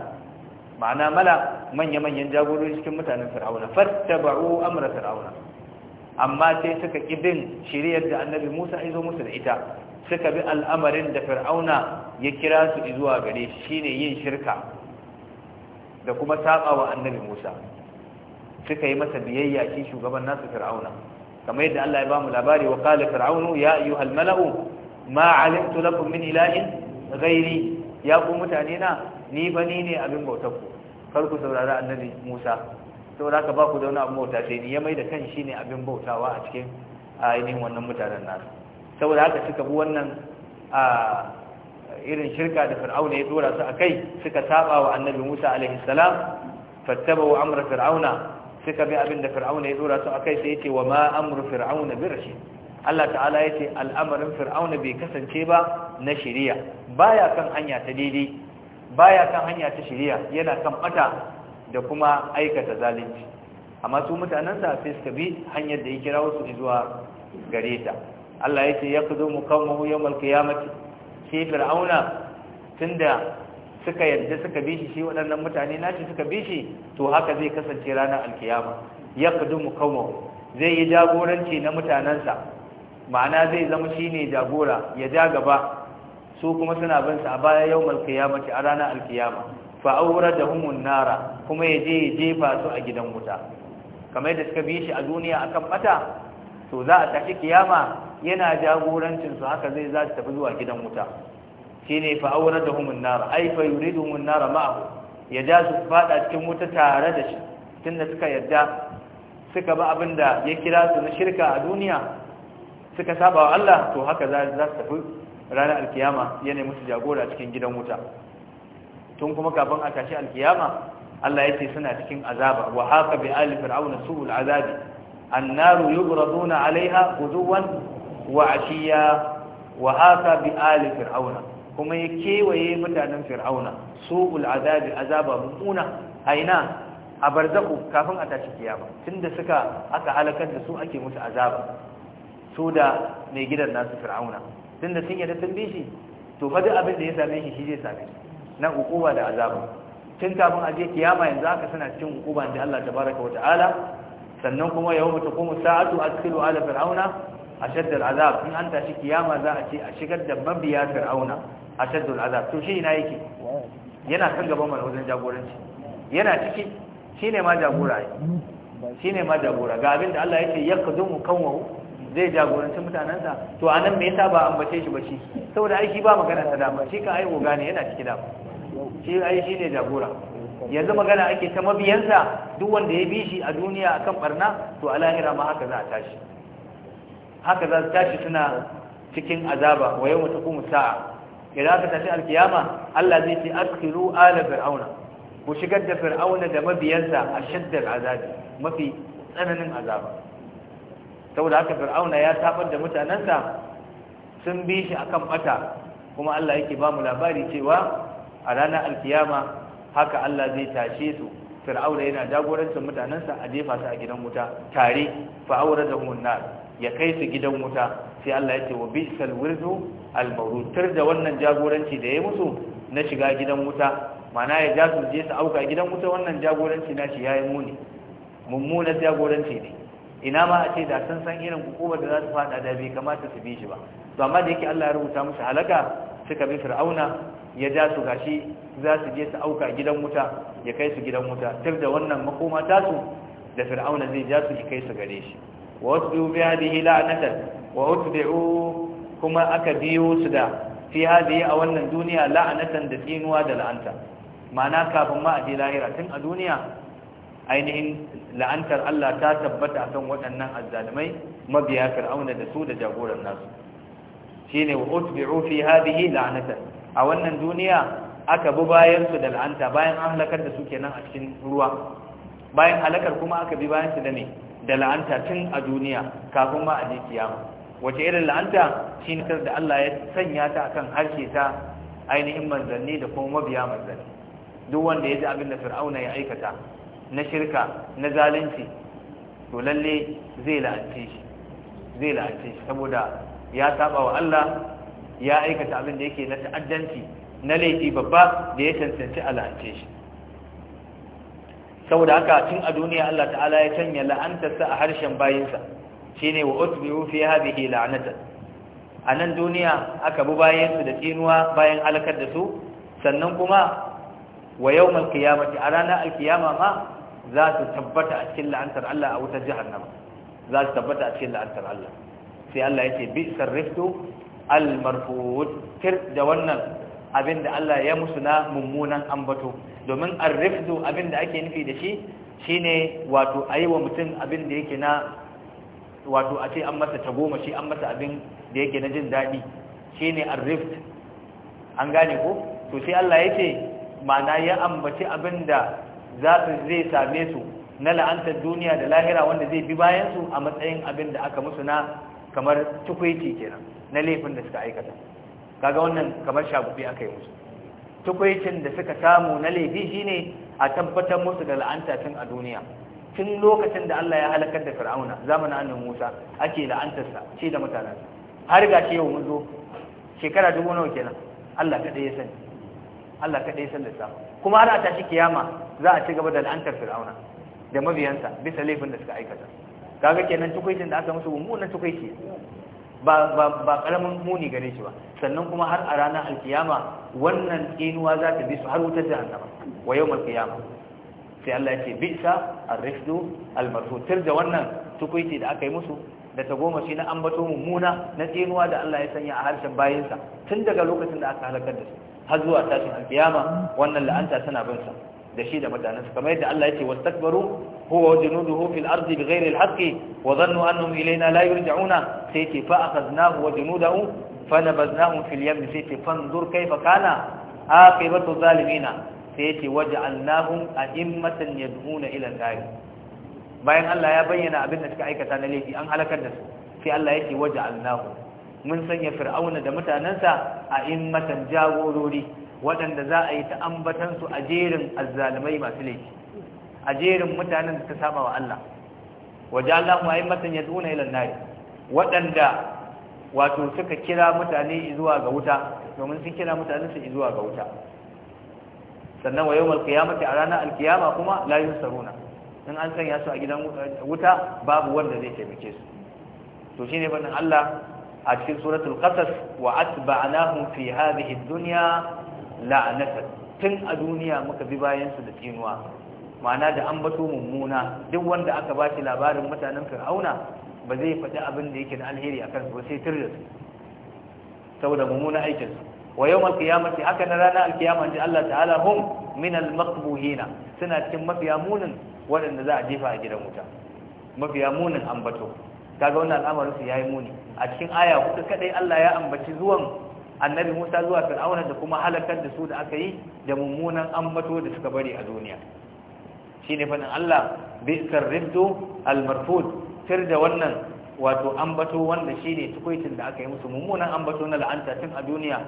ma'ana mala manya-manyan jagorori cikin mutanen fir'auna fattaba'u amra fir'auna amma sai suka kibin shiriyar da annabi Musa ya zo musu da ita suka bi al'amarin da fir'auna ya kira su zuwa gare shine yin shirka da kuma saba wa annabi Musa suka yi masa biyayya shi shugaban nasu fir'auna kamar yadda Allah ya bamu labari wa qala fir'aunu ya ayyuhal mala'u ma 'alimtu lakum min ilahin ghairi ya ku mutane na ni bani ne abin bautar ku kar ku saurari annabi Musa saboda ka ba ku da wani abin bauta sai ni ya mai da kan shi ne abin bautawa a cikin ainihin wannan mutanen nasu saboda haka suka bi wannan a irin shirka da fir'auna ya dora su akai suka saba wa annabi Musa alaihi salam fattabu amra fir'auna suka bi abin da fir'auna ya dora su akai sai yace wa ma amru fir'auna rashi Allah ta'ala ya ce al'amarin fir'auna bai kasance ba na shari'a baya kan hanya ta daidai baya kan hanya ta shari'a yana kan bata da kuma aikata zalunci amma su sa sai suka bi hanyar da ya kira wasu zuwa gareta. Allah ya ce ya kudu mukammahu yawmal qiyamati shi fir'auna tunda suka yarda suka bi shi shi waɗannan mutane nashi suka bi shi to haka zai kasance ranar alkiyama ya kan mu zai yi jagoranci na mutanensa ma'ana zai zama shine jagora ya ja gaba su kuma suna bin sa a baya yau yawmal qiyamati a ranar alkiyama fa humun nara kuma yaje ya jefa su a gidan wuta kamar da suka bi shi a duniya akan bata to za a tashi kiyama yana jagorancin su haka zai za tafi zuwa gidan wuta shine fa aure da humun nara ai fa yuridu nara ma'ahu ya ja su fada cikin wuta tare da shi tunda suka yarda suka ba abin da ya kira su na shirka a duniya suka saba wa Allah to haka za su tafi ranar alkiyama yana musu jagora cikin gidan wuta tun kuma kafin a tashi alkiyama Allah ya ce suna cikin azaba wa haka bi ali fir'auna su'ul azabi annaru yubraduna alaiha quduwan wa ashiya wa haka bi ali fir'auna kuma ya kewaye mutanen fir'auna su'ul azabi azaba mummuna aina a barzaku kafin a tashi kiyama tunda suka aka halakar da su ake musu azaba su da mai gidan nasu fir'auna tunda sun yadda sun bi to fa abin da ya same shi shi zai same shi na hukuma da azaba tun kafin a je kiyama yanzu aka suna cikin hukuma da Allah tabaraka wa ta'ala sannan kuma yawma taqumu sa'atu adkhilu ala fir'auna ashaddul azab in an tashi kiyama za a ce a shigar da mabiya fir'auna ashaddul azab to shi ina yake yana kan gaban mana wajen jagoranci yana ciki shine ma jagora shine ma jagora ga abin da Allah yake yaqdumu qawmuhu zai jagoranci mutanansa to anan me yasa ba ambace shi ba shi saboda aiki ba magana ta dama shi ka ai gane yana ciki dama shi ai shine jagora yanzu magana ake ta mabiyansa duk wanda ya bi shi a duniya akan barna to a lahira ma haka za a tashi haka za su tashi suna cikin azaba wa yau kuma sa'a idan aka tashi alkiyama Allah zai ce askiru ala fir'auna ku shigar da fir'auna da mabiyansa a shaddar azabi mafi tsananin azaba saboda haka fir'auna ya tabar da mutanensa sun bi shi akan bata kuma Allah yake ba mu labari cewa a ranar alkiyama haka Allah zai tashe su fir'auna yana jagorancin mutanensa a jefa su a gidan wuta tare fa'aura da hunnar ya kai su gidan wuta sai Allah ya ce wa bisal wirdu al mawrutir da wannan jagoranci da ya musu na shiga gidan wuta mana ya ja su je su auka gidan wuta wannan jagoranci na shi yayi muni mummuna jagoranci ne ina ma a ce da san san irin hukumar da za su fada da bai kamata su bi shi ba to amma da yake Allah ya rubuta musu halaka suka bi fir'auna ya ja su gashi za su je su auka gidan wuta ya kai su gidan wuta tar da wannan makoma tasu da fir'auna zai ja su ya kai su gare shi wa wasbi'u bi hadhihi la'anatan. wa utbi'u kuma aka biyo su da fi hadhihi a wannan duniya la'anatan da tsinuwa da la'anta ma'ana kafin ma a je lahira tun a duniya ainihin la'antar Allah ta tabbata akan waɗannan azzalumai mabiya fir'auna da su da jagoran nasu shine wa utbi'u fi hadhihi la'anatan. a wannan duniya aka bi bayan su da la'anta bayan an halakar da su kenan a cikin ruwa bayan halakar kuma aka bi bayan su da ne da la'anta tun a duniya kafin ma a je kiyama wace irin la'anta shi tar da Allah ya sanya ta a kan harshe ta ainihin manzanni da kuma mabiya manzanni duk wanda ya ji abin da fir'auna ya aikata na shirka na zalunci to lalle zai la'ance shi zai la'ance shi saboda ya saba wa Allah ya aikata abin da yake na ta'addanci na laifi babba da ya cancanci a la'ance shi saboda haka tun a duniya Allah ta'ala ya canya la'antarsa a harshen bayinsa shine wa utbi'u fi hadhihi la'nata a nan duniya aka bi bayansu da tsinuwa bayan alakar da su sannan kuma wa yawmal qiyamati a ranar alkiyama ma za su tabbata a cikin la'antar Allah a wutar nama, za su tabbata a cikin la'antar Allah sai Allah ce bi sarriftu al da wannan abinda Allah ya musu na mummunan ambato domin arrifdu abin da ake nufi da shi shi ne wato a yi wa mutum abin da yake na wato a ce an masa tagoma shi an masa abin da yake na jin daɗi shi shine arrift an gane ko to sai Allah ya ce ma'ana ya ambaci abin da za su zai same su na la'antar duniya da lahira wanda zai bi bayansu a matsayin abin da aka musu na kamar tukwici kenan na laifin da suka aikata kaga wannan kamar shagubi aka yi musu tukwicin da suka samu na laifi ne a tabbatar musu da la'anta tun a duniya tun lokacin da Allah ya halakar da Fir'auna zamanin annan Musa ake la'antarsa ce da mutanen har ga ce yau mun zo shekara dubu nawa kenan Allah kadai ya sani Allah kadai ya sani da kuma har a tashi kiyama za a ci gaba da la'antar Fir'auna da mabiyansa bisa laifin da suka aikata kaga kenan tukwicin da aka musu mummunan tukwici ba karamin muni gare shi ba sannan kuma har a ranar alkiyama wannan inuwa za ta bi su har wutar jahannama wa yau malkiyama sai Allah ya ce bisa arrifdu almarfutar da wannan tukuiti da aka yi musu da ta goma shi na ambato mummuna na inuwa da Allah ya sanya a harshen bayinsa tun daga lokacin da aka halakar da su har zuwa tashin alkiyama wannan la'anta tana bin sa da shi da mutanensa kamar yadda Allah ya ce wasu wastakbaru هو وجنوده في الأرض بغير الحق وظنوا أنهم إلينا لا يرجعون سيتي فأخذناه وجنوده فنبذناهم في اليم سيتي فانظر كيف كان عاقبة الظالمين سيتي وجعلناهم أئمة يدعون إلى النار bayan Allah ya bayyana abin da suka aikata na laifi an halakar da su sai Allah yake waja'alnahu mun sanya fir'auna da mutanansa a immatan jagorori waɗanda za a yi ta ambatan su a jerin azzalumai masu laifi a jerin mutanen da ta saba wa Allah waje Allah mu aimatan ya duna ilan waɗanda wato suka kira mutane zuwa ga wuta domin sun kira mutane su zuwa ga wuta sannan wa yawmal qiyamati a ranar alkiyama kuma la yusaruna in an sanya su a gidan wuta babu wanda zai taimake su to shine banin Allah a cikin suratul qasas wa atba'nahum fi hadhihi ad-dunya la'natan tun a duniya muka bi bayan su da tsinuwa ma'ana da an mummuna duk wanda aka ba shi labarin mutanen fir'auna ba zai faɗi abin da yake da alheri a su ba sai tirda su saboda mummuna aikinsu wa yau malkiyamati haka na rana alkiyama ji Allah ta'ala hum min almaqbuhina suna cikin mafi munin waɗanda za a jefa a gidan wuta mafi munin ambato kaga wannan al'amarin su yayi muni a cikin aya kuka kadai Allah ya ambaci zuwan annabi Musa zuwa Fir'auna da kuma halakar da su da aka yi da mummunan ambato da suka bari a duniya shine fadin Allah bi'sar riddu almarfud fir da wannan wato ambato wanda shine tukwaitin da aka yi musu mummunan ambato na la'anta tun a duniya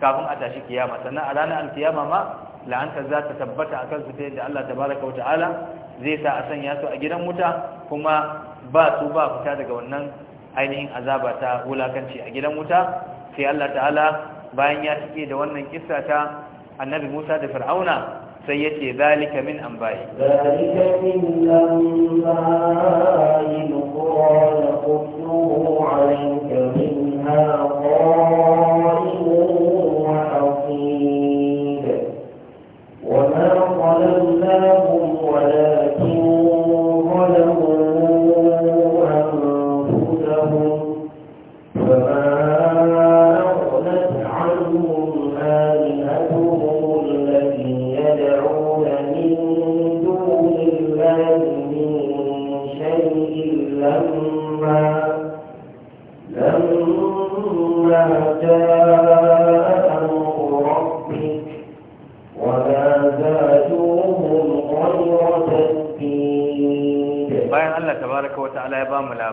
kafin a tashi kiyama sannan a ranar alkiyama ma la'anta za ta tabbata akan su da yadda Allah tabaraka wata'ala zai sa a sanya su a gidan wuta kuma ba su ba fita daga wannan ainihin azaba ta wulakanci a gidan wuta sai Allah ta'ala bayan ya tike da wannan kissa ta annabi Musa da Fir'auna sai ya ce zalika min an bayi zalika min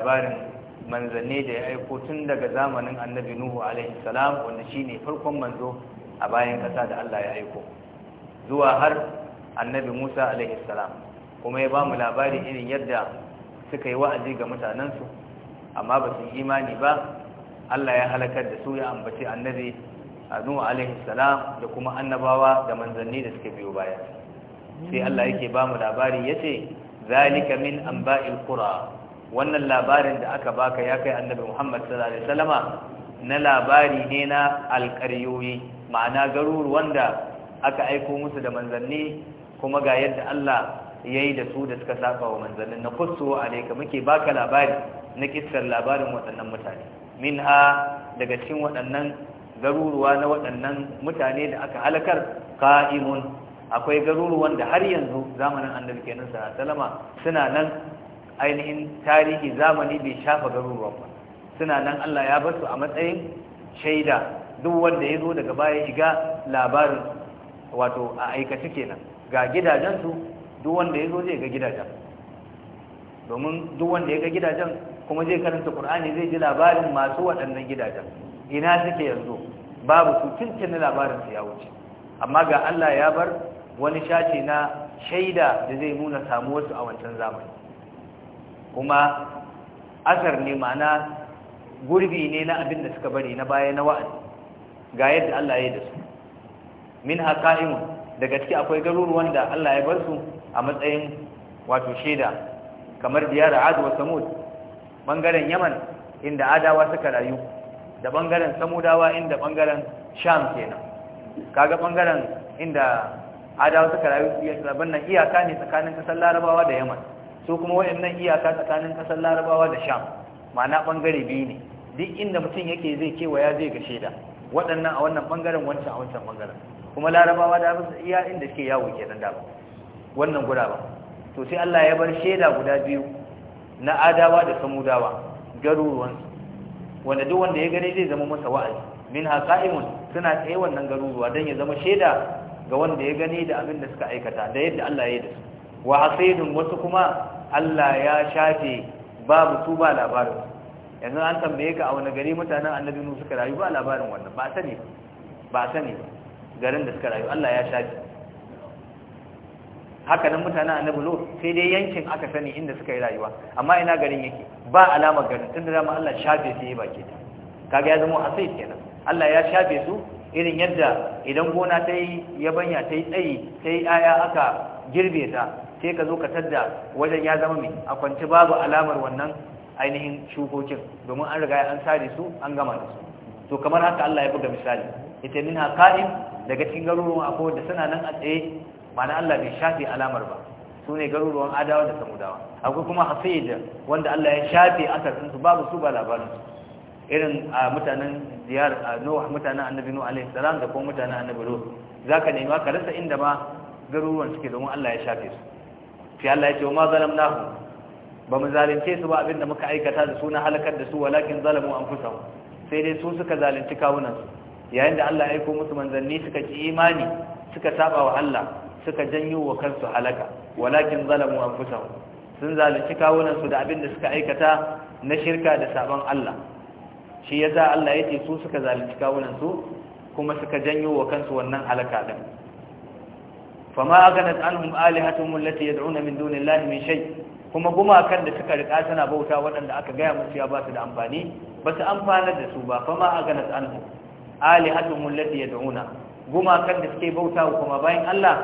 labarin manzanni da ya aiko tun daga zamanin annabi nuhu alaihi salam wanda shine farkon manzo a bayan kasa da Allah ya aiko zuwa har annabi Musa alaihi salam kuma ya bamu labari irin yadda suka yi wa'azi ga mutanensu amma ba su imani ba Allah ya halakar da su ya ambaci annabi Nuhu alaihi salam da kuma annabawa da manzanni da suka biyo baya sai Allah yake bamu labari yace zalika min anba'il qura wannan labarin da aka baka ya kai annabi Muhammad sallallahu alaihi wasallama na labari ne na alƙaryoyi ma'ana garuru wanda aka aiko musu da manzanni kuma ga yadda Allah yayi da su da suka saba wa manzannin na kusurwa alaika muke baka labari na kissar labarin waɗannan mutane min daga cikin waɗannan garuruwa na waɗannan mutane da aka halakar ka'imun akwai garuruwan da har yanzu zamanin annabi kenan sallallahu alaihi wasallama suna nan ainihin tarihi zamani bai shafa garuruwan ba suna nan Allah ya basu a matsayin shaida duk wanda ya zo daga baya shiga labarin wato a aikace kenan ga gidajen su duk wanda ya zo zai ga gidajen domin duk wanda ya ga gidajen kuma zai karanta Qur'ani zai ji labarin masu waɗannan gidajen ina suke yanzu babu su cincin labarin su ya wuce amma ga Allah ya bar wani shace na shaida da zai nuna samuwarsu a wancan zamani kuma asar ne ma'ana gurbi ne na abin da suka bari na baya na wa'azi ga yadda Allah ya yi da su min haqa'imun daga ciki akwai garuruwan da Allah ya bar su a matsayin wato shaida kamar diyar adu wa Samud bangaren Yaman inda Adawa suka rayu da bangaren Samudawa inda bangaren Sham kenan kaga bangaren inda Adawa suka rayu ya nan iyaka ne tsakanin kasar Larabawa da Yaman su kuma wayannan iyaka tsakanin kasar larabawa da sham ma'ana bangare biyu ne duk inda mutum yake zai kewaya zai ga sheda waɗannan a wannan bangaren wancan a wancan bangaren kuma larabawa da su iya inda suke yawo kenan da wannan guda ba to sai Allah ya bar sheda guda biyu na adawa da samudawa garuruwansu wanda duk wanda ya gani zai zama masa wa'azi min haqa'imun suna tsaye wannan garuruwa don ya zama sheda ga wanda ya gani da abin da suka aikata da yadda Allah ya yi da su wa asidun wasu kuma Allah ya shafe babu su ba labarin yanzu an tambaye ka a wani gari mutanen annabi nu suka rayu ba labarin wannan ba sani ba sani garin da suka rayu Allah ya shafe haka nan mutanen annabi lo sai dai yankin aka sani inda suka yi rayuwa amma ina garin yake ba alamar garin tunda dama Allah shafe su yi baki ta kaga ya zama asid kenan Allah ya shafe su irin yadda idan gona ta yi yabanya ta yi tsayi ta yi aya aka girbe ta sai ka zo ka tadda wajen ya zama mai a kwanci babu alamar wannan ainihin shukokin domin an riga an sare su an gama da su to kamar haka Allah ya buga misali ita min haqa'in daga cikin garuruwan akwai da suna nan a tsaye ma'ana Allah bai shafe alamar ba su ne garuruwan adawa da samudawa akwai kuma hasaida wanda Allah ya shafe din su babu su ba labarin su irin mutanen ziyar Nuh mutanen Annabi Nuh alaihi salam da kuma mutanen Annabi Lut zaka nemi ka rasa inda ma garuruwan suke domin Allah ya shafe su sai Allah ya ce ma zalamnahu ba mu zalunce su ba abinda muka aikata da su na halakar da su walakin zalamu anfusahum sai dai su suka zalunci kawunan yayin da Allah ya aika musu manzanni suka ki imani suka saba wa Allah suka janyo wa kansu halaka walakin zalamu anfusahum sun zalunci kawunan su da abinda suka aikata na shirka da saban Allah shi yasa Allah ya ce su suka zalunci kawunan su kuma suka janyo wa kansu wannan halaka din fama aganat anhum alihatuhum allati yad'una min dunillahi min shay kuma gumakan da suka rika suna bauta waɗanda aka gaya musu ya ba su da amfani ba su amfanar da su ba fama aganat anhum alihatuhum allati yad'una gumakan da suke bauta kuma bayan Allah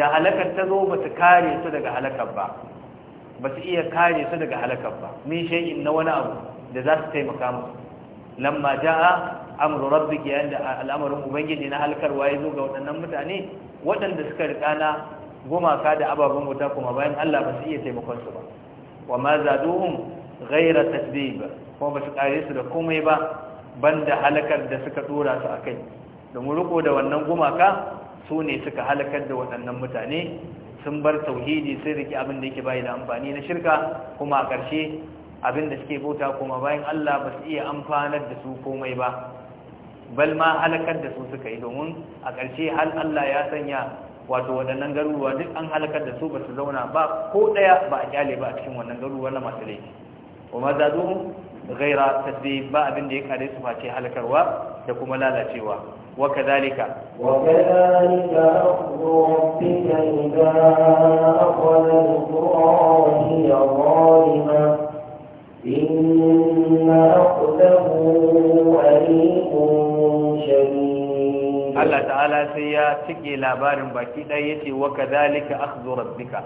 da halakar ta zo ba su kare su daga halakar ba ba su iya kare su daga halakar ba min in na wani abu da za su taimaka musu lamma jaa amru rabbika yanda al'amarin ubangiji na halkarwa ya zo ga waɗannan mutane waɗanda suka riƙa na gumaka da ababen wuta kuma bayan Allah ba su iya taimakon su ba wa ma gaira ghayra ba. kuma ba su kare su da komai ba banda halakar da suka dora su a Da mu riko da wannan gumaka su ne suka halakar da waɗannan mutane sun bar tauhidi sun rike abin da yake bayi da amfani na shirka kuma a ƙarshe abin da suke bauta kuma bayan Allah ba su iya amfanar da su komai ba bal ma halakar da su suka yi domin a ƙarshe har Allah ya sanya wato waɗannan garuruwa duk an halakar da su ba su zauna ba ko ɗaya ba a kyale ba a cikin wannan garuruwa na masu laifi wa ma za zo gaira tasbih ba abin da ya kare su face halakarwa da kuma lalacewa wa kadhalika wa kadhalika rabbika idza akhadha al-qura Allah ta'ala sai ya cike labarin baki ɗaya ya ce wa zalika akhzu rabbika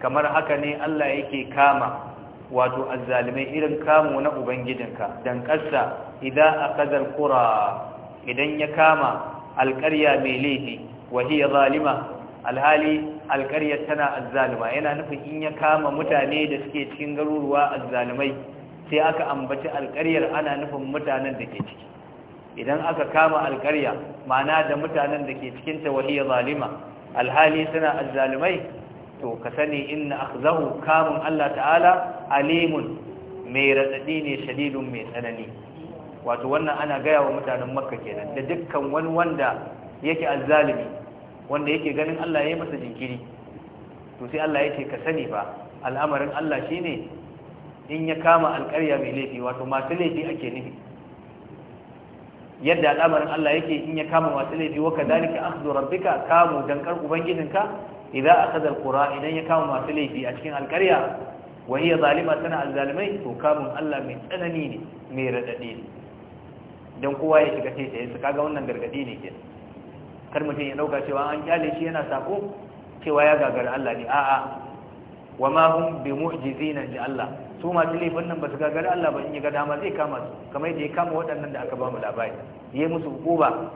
kamar haka ne Allah yake kama wato azzalimai irin kamo na ubangijinka dan kassa idan akazal kura, idan ya kama alƙarya mai laifi wa zalima alhali alƙaryar tana azzalima yana nufin in ya kama mutane da suke cikin garuruwa azzalimai sai aka ambaci alƙaryar ana nufin mutanen da ke ciki idan aka kama alƙarya ma'ana da mutanen da ke cikin ta zalima alhali suna azzalumai to ka sani inna akhzahu kamun Allah ta'ala alimun mai radadi ne shadidun mai tsanani wato wannan ana gaya wa mutanen makka kenan da dukkan wani wanda yake azzalimi wanda yake ganin Allah ya yi masa jinkiri to sai Allah yake ka sani ba al'amarin Allah shine in ya kama alƙarya mai laifi wato masu laifi ake nufi yadda al'amarin Allah yake in ya kama masu laifi wa dalika akhdhu rabbika kamu dankar ubangijinka idza akhadha alqura idan ya kama masu laifi a cikin alƙarya wa hiya zalima tana alzalimai to kamun Allah mai tsanani ne mai radadi ne dan kowa ya shiga sai sai kaga wannan gargadi ne ke kar mutum ya dauka cewa an kyale shi yana sako cewa ya gagara Allah ne a'a wa ma hum mu'jizina ji Allah su masu laifin nan ba su gagari Allah ba in yi gada ma zai kama su kamar yadda ya kama waɗannan da aka ba mu labari ya musu hukuma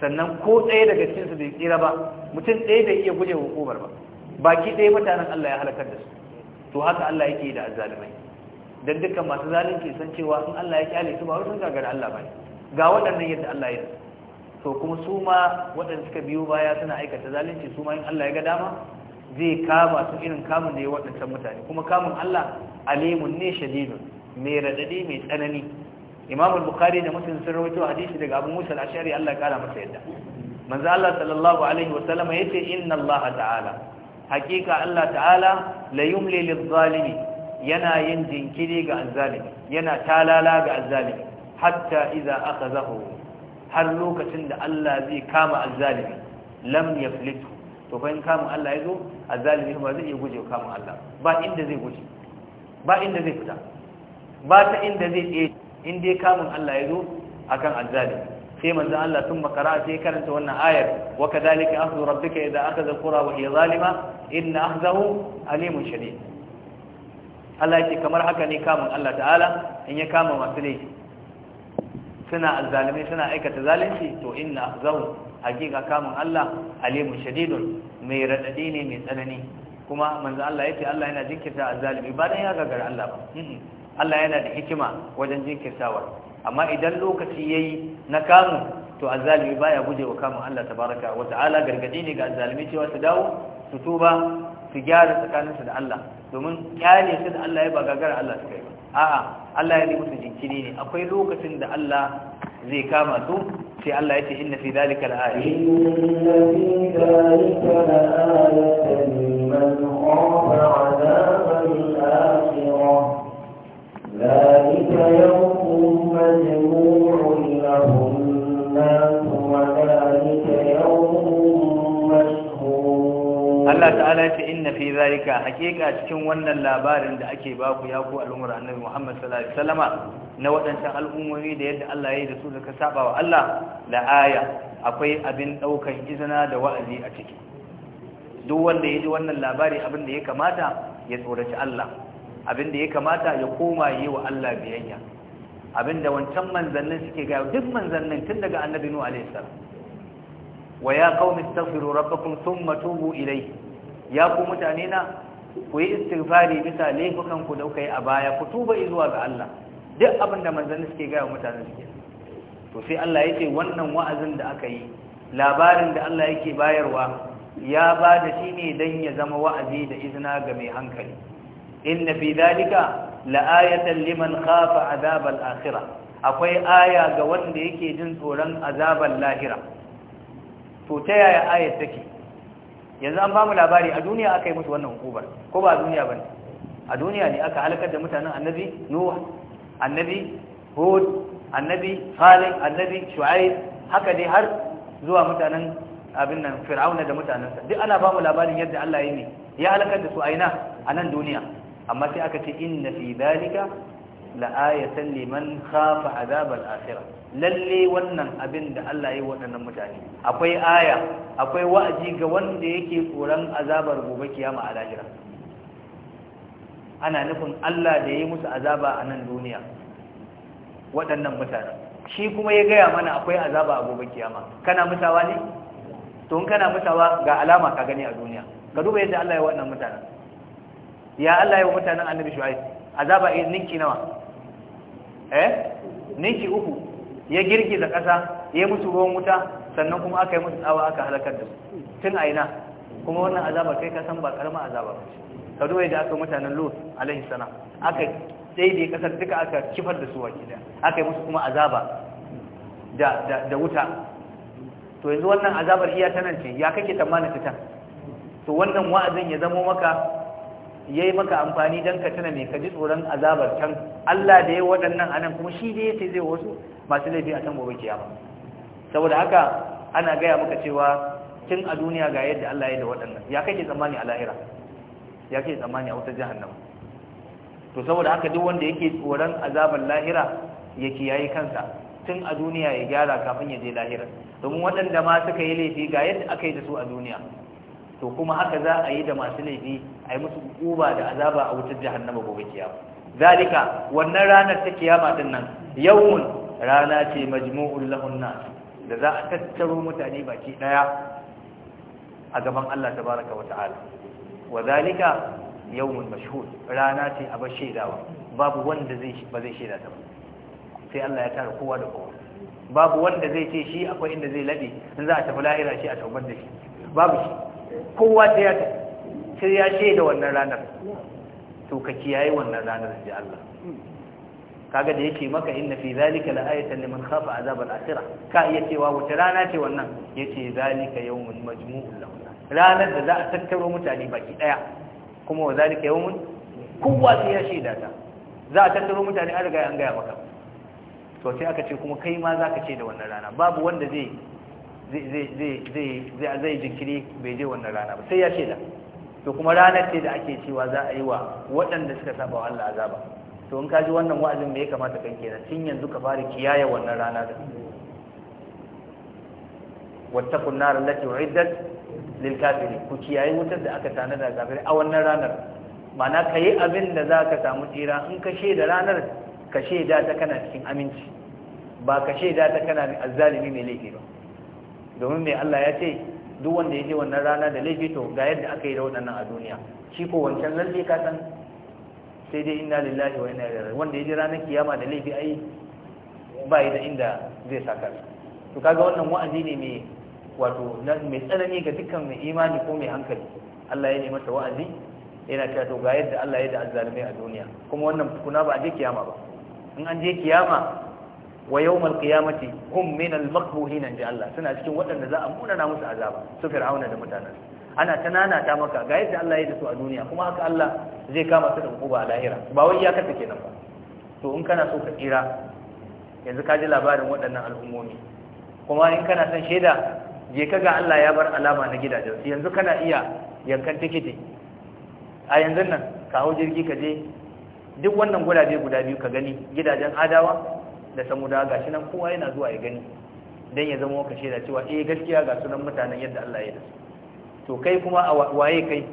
sannan ko ɗaya daga cikin su bai tsira ba mutum ɗaya bai iya guje hukumar ba baki ɗaya mutanen Allah ya halakar da su to haka Allah yake da azzalimai dan dukkan masu zalunci san cewa in Allah ya kyale su ba wai sun gagari Allah ba ga waɗannan yadda Allah ya to kuma su ma waɗanda suka biyo baya suna aikata zalunci su ma in Allah ya ga dama zai kama su irin kamun da ya waɗancan mutane kuma kamun Allah alimun ne shadidun mai radadi mai tsanani imam al-bukhari da muslim sun rawaito hadisi daga abu musa al-ashari Allah ya kara masa yadda manzo Allah sallallahu alaihi wa sallama yace inna Allah ta'ala hakika Allah ta'ala la yumli lil-zalimi yana yin jinkiri ga azzalimi yana talala ga azzalimi hatta idza akhazahu har lokacin da Allah zai kama azzalimi lam yaflitu to fa in kama Allah yazo azzalimi ba zai iya guje kama Allah ba inda zai guje ba inda zai fita ba ta inda zai tsaye inda dai kamun Allah ya zo a kan azzalimi sai manzo Allah tun makara sai ya karanta wannan ayar wa kadhalika akhdhu rabbika idha aka alqura wa hiya zalima in akhdahu alimun shadid Allah yake kamar haka ne kamun Allah ta'ala in ya kama masu laifi suna azzalimai suna aikata zalunci to inna akhdahu hakika kamun Allah alimun shadidun mai radadi ne mai tsanani kuma manzo Allah yace Allah yana jinkirta azzalimi ba dan ya gagara Allah ba hmm. Allah yana da hikima wajen jinkirtawa amma idan lokaci yayi na kamu to azzalimi baya wa kamun Allah tabaraka wa ta'ala gargadi ne ga azzalimi cewa su dawo su tuba su gyara tsakaninsu da Allah domin kyale su da Allah ya ba gagara Allah su kai ba a'a Allah ya nemi su jinkiri ne akwai lokacin da Allah zai kama su sai Allah ya ce inna fi zalika la'aya inna fi zalika la'ayatan liman khafa 'adaban akhirah zalika yawmun majmu'un lahum nas wa zalika yawmun Allah ta'ala ya ce inna fi zalika hakika cikin wannan labarin da ake baku ya ku al'ummar Annabi Muhammad sallallahu alaihi wasallama na waɗancan al'ummomi da yadda Allah ya yi da su da ka saba wa Allah la aya akwai abin daukan izina da wa'azi a ciki duk wanda ya ji wannan labari abin da ya kamata ya tsoraci Allah abin da ya kamata ya koma yi wa Allah biyayya abin da wancan manzannin suke ga duk manzannin tun daga Annabi Nuh alaihi salam wa ya qaumi astaghfiru rabbakum thumma tubu ilayhi ya ku mutane na ku yi istighfari bisa laifukan ku da kuka yi a baya ku tuba zuwa ga Allah duk abin da manzanni suke ga mutane suke to sai Allah yake wannan wa'azin da aka yi labarin da Allah yake bayarwa ya ba da shi ne dan ya zama wa'azi da izina ga mai hankali inna fi dalika la'ayatan liman khafa azabar akhirah akwai aya ga wanda yake jin tsoron azabar lahira to ta yaya ayat take yanzu an bamu labari a duniya aka yi musu wannan hukubar ko ba a duniya bane a duniya ne aka halakar da mutanen annabi nuh annabi hud annabi salih annabi shu'aib haka dai har zuwa mutanen abin nan fir'auna da mutanensa duk ana bamu labarin yadda Allah ya yi ne ya halakar da su aina a nan duniya amma sai aka ce inna fi dhalika la'ayatan liman khafa azab al-akhirah lalle wannan abin da Allah ya yi waɗannan mutane akwai aya akwai wa'azi ga wanda yake tsoron azabar gobe kiyama a lahira ana nufin Allah da ya yi musu azaba a nan duniya waɗannan mutane shi kuma ya gaya mana akwai azaba a gobe kiyama kana mutawa ne to in kana mutawa ga alama ka gani a duniya ga duba yadda Allah ya waɗannan mutanen ya Allah ya wa mutanen annabi shu'aib azaba eh, ninki nawa eh ninki uku ya girgiza ƙasa ya musu ruwan wuta sannan kuma aka yi musu tsawa aka halakar da su tun aina kuma wannan azaba kai ka san ba karama azaba ka duwaye da aka mutanen lot alaihi sana aka daidai kasar duka aka kifar da su waki aka yi musu kuma azaba da wuta to yanzu wannan azabar iya tanan ce ya kake tamanin fitan to wannan wa'azin ya zamo maka ya yi maka amfani don ka tana mai ka ji tsoron azabar can Allah da ya waɗannan anan kuma shi da ya ce zai wasu masu laifi a can gobe kiyama saboda haka ana gaya maka cewa tun a duniya ga yadda Allah ya da waɗannan ya kake tsammani a lahira ya kake tsammani a wata jahannama to saboda haka duk wanda yake tsoron azabar lahira ya kiyaye kansa tun a duniya ya gyara kafin ya je lahira domin waɗanda ma suka yi laifi ga yadda aka yi da su a duniya to kuma haka za a yi da masu laifi a yi musu uba da azaba a wutar jahannama gobe kiyama zalika wannan ranar ta kiyama din nan yawmun rana ce majmu'ul lahun nas da za a tattaro mutane baki daya a gaban Allah tabaraka wa ta'ala wa zalika yawmul mashhud rana ce a bar shaidawa babu wanda zai ba zai shaida ta sai Allah ya tara kowa da kowa babu wanda zai ce shi akwai inda zai lade in za a tafi lahira shi a taubar da shi babu shi kowa sai ya sai ya shaida wannan ranar to ka kiyaye wannan ranar da Allah kaga da yake maka inna fi zalika la'ayatan liman khafa azab al-akhirah ka iya cewa wata rana ce wannan yace zalika yawmun majmu'un lahu ranar da za a tattaro mutane baki daya kuma wa zalika yawmun kowa sai ya shaida ta za a tattaro mutane an riga an gaya maka to sai aka ce kuma kai ma zaka ce da wannan rana babu wanda zai zai zai zai zai jinkiri bai je wannan rana ba sai ya shaida to kuma ranar ce da ake cewa za a yi wa waɗanda suka saba wa Allah azaba to in ka ji wannan wa'azin me ya kamata kan kenan tun yanzu ka fara kiyaye wannan rana da wattaqun nar allati uiddat lil kafiri ku kiyaye wutar da aka tanada kafiri a wannan ranar ma'ana kayi abin da zaka samu tsira in ka da ranar ka da ta kana cikin aminci ba ka da ta kana azzalimi mai laifi ba domin mai Allah ya ce duk wanda ya je wannan rana da laifi to ga yadda aka yi da waɗannan a duniya shi ko wancan lalle ka san sai dai inna lillahi wa inna ilaihi raji'un wanda ya ji ranar kiyama da laifi ai ba da inda zai saka to kaga wannan wa'azi ne mai wato mai tsanani ga dukkan mai imani ko mai hankali Allah ya yi masa wa'azi yana cewa to ga yadda Allah ya da azzalimai a duniya kuma wannan kuna ba a je kiyama ba in an je kiyama wa yawmal qiyamati hum min al-maqbuhin inda Allah suna cikin waɗanda za a munana musu azaba su fir'auna da mutanen ana ta nanata maka ga yadda Allah ya da su a duniya kuma haka Allah zai kama su da hukuma a lahira ba wai ya kasa kenan ba to in kana so ka tsira yanzu ka ji labarin waɗannan al'ummomi kuma in kana son shaida je ka ga Allah ya bar alama na gidajen yanzu kana iya yankan tikiti a yanzu nan ka hau jirgi ka je duk wannan gurabe guda biyu ka gani gidajen adawa da samudawa gashi nan kowa yana zuwa ya gani don ya zama ka shaida cewa eh gaskiya ga sunan mutanen yadda Allah ya da su to kai kuma a waye kai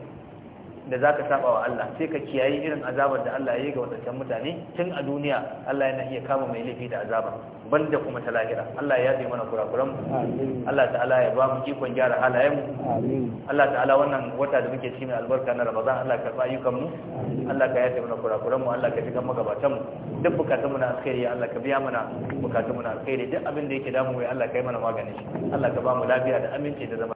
da za ka saba wa Allah sai ka kiyaye irin azabar da Allah ya yi ga wadancan mutane tun a duniya Allah yana iya kama mai laifi da azaba banda kuma ta lahira Allah ya yi mana kurakuran mu Allah ta'ala ya ba mu ikon gyara halayen mu Allah ta'ala wannan wata da muke cikin albarka na Ramadan Allah karba ayyukan mu Allah ka yafe mana kurakuran mu Allah ka shiga magabatan mu duk bukatun mu na alkhairi Allah ka biya mana bukatun mu na alkhairi duk abin da yake damu wai Allah ka yi mana maganin Allah ka ba mu lafiya da aminci da zama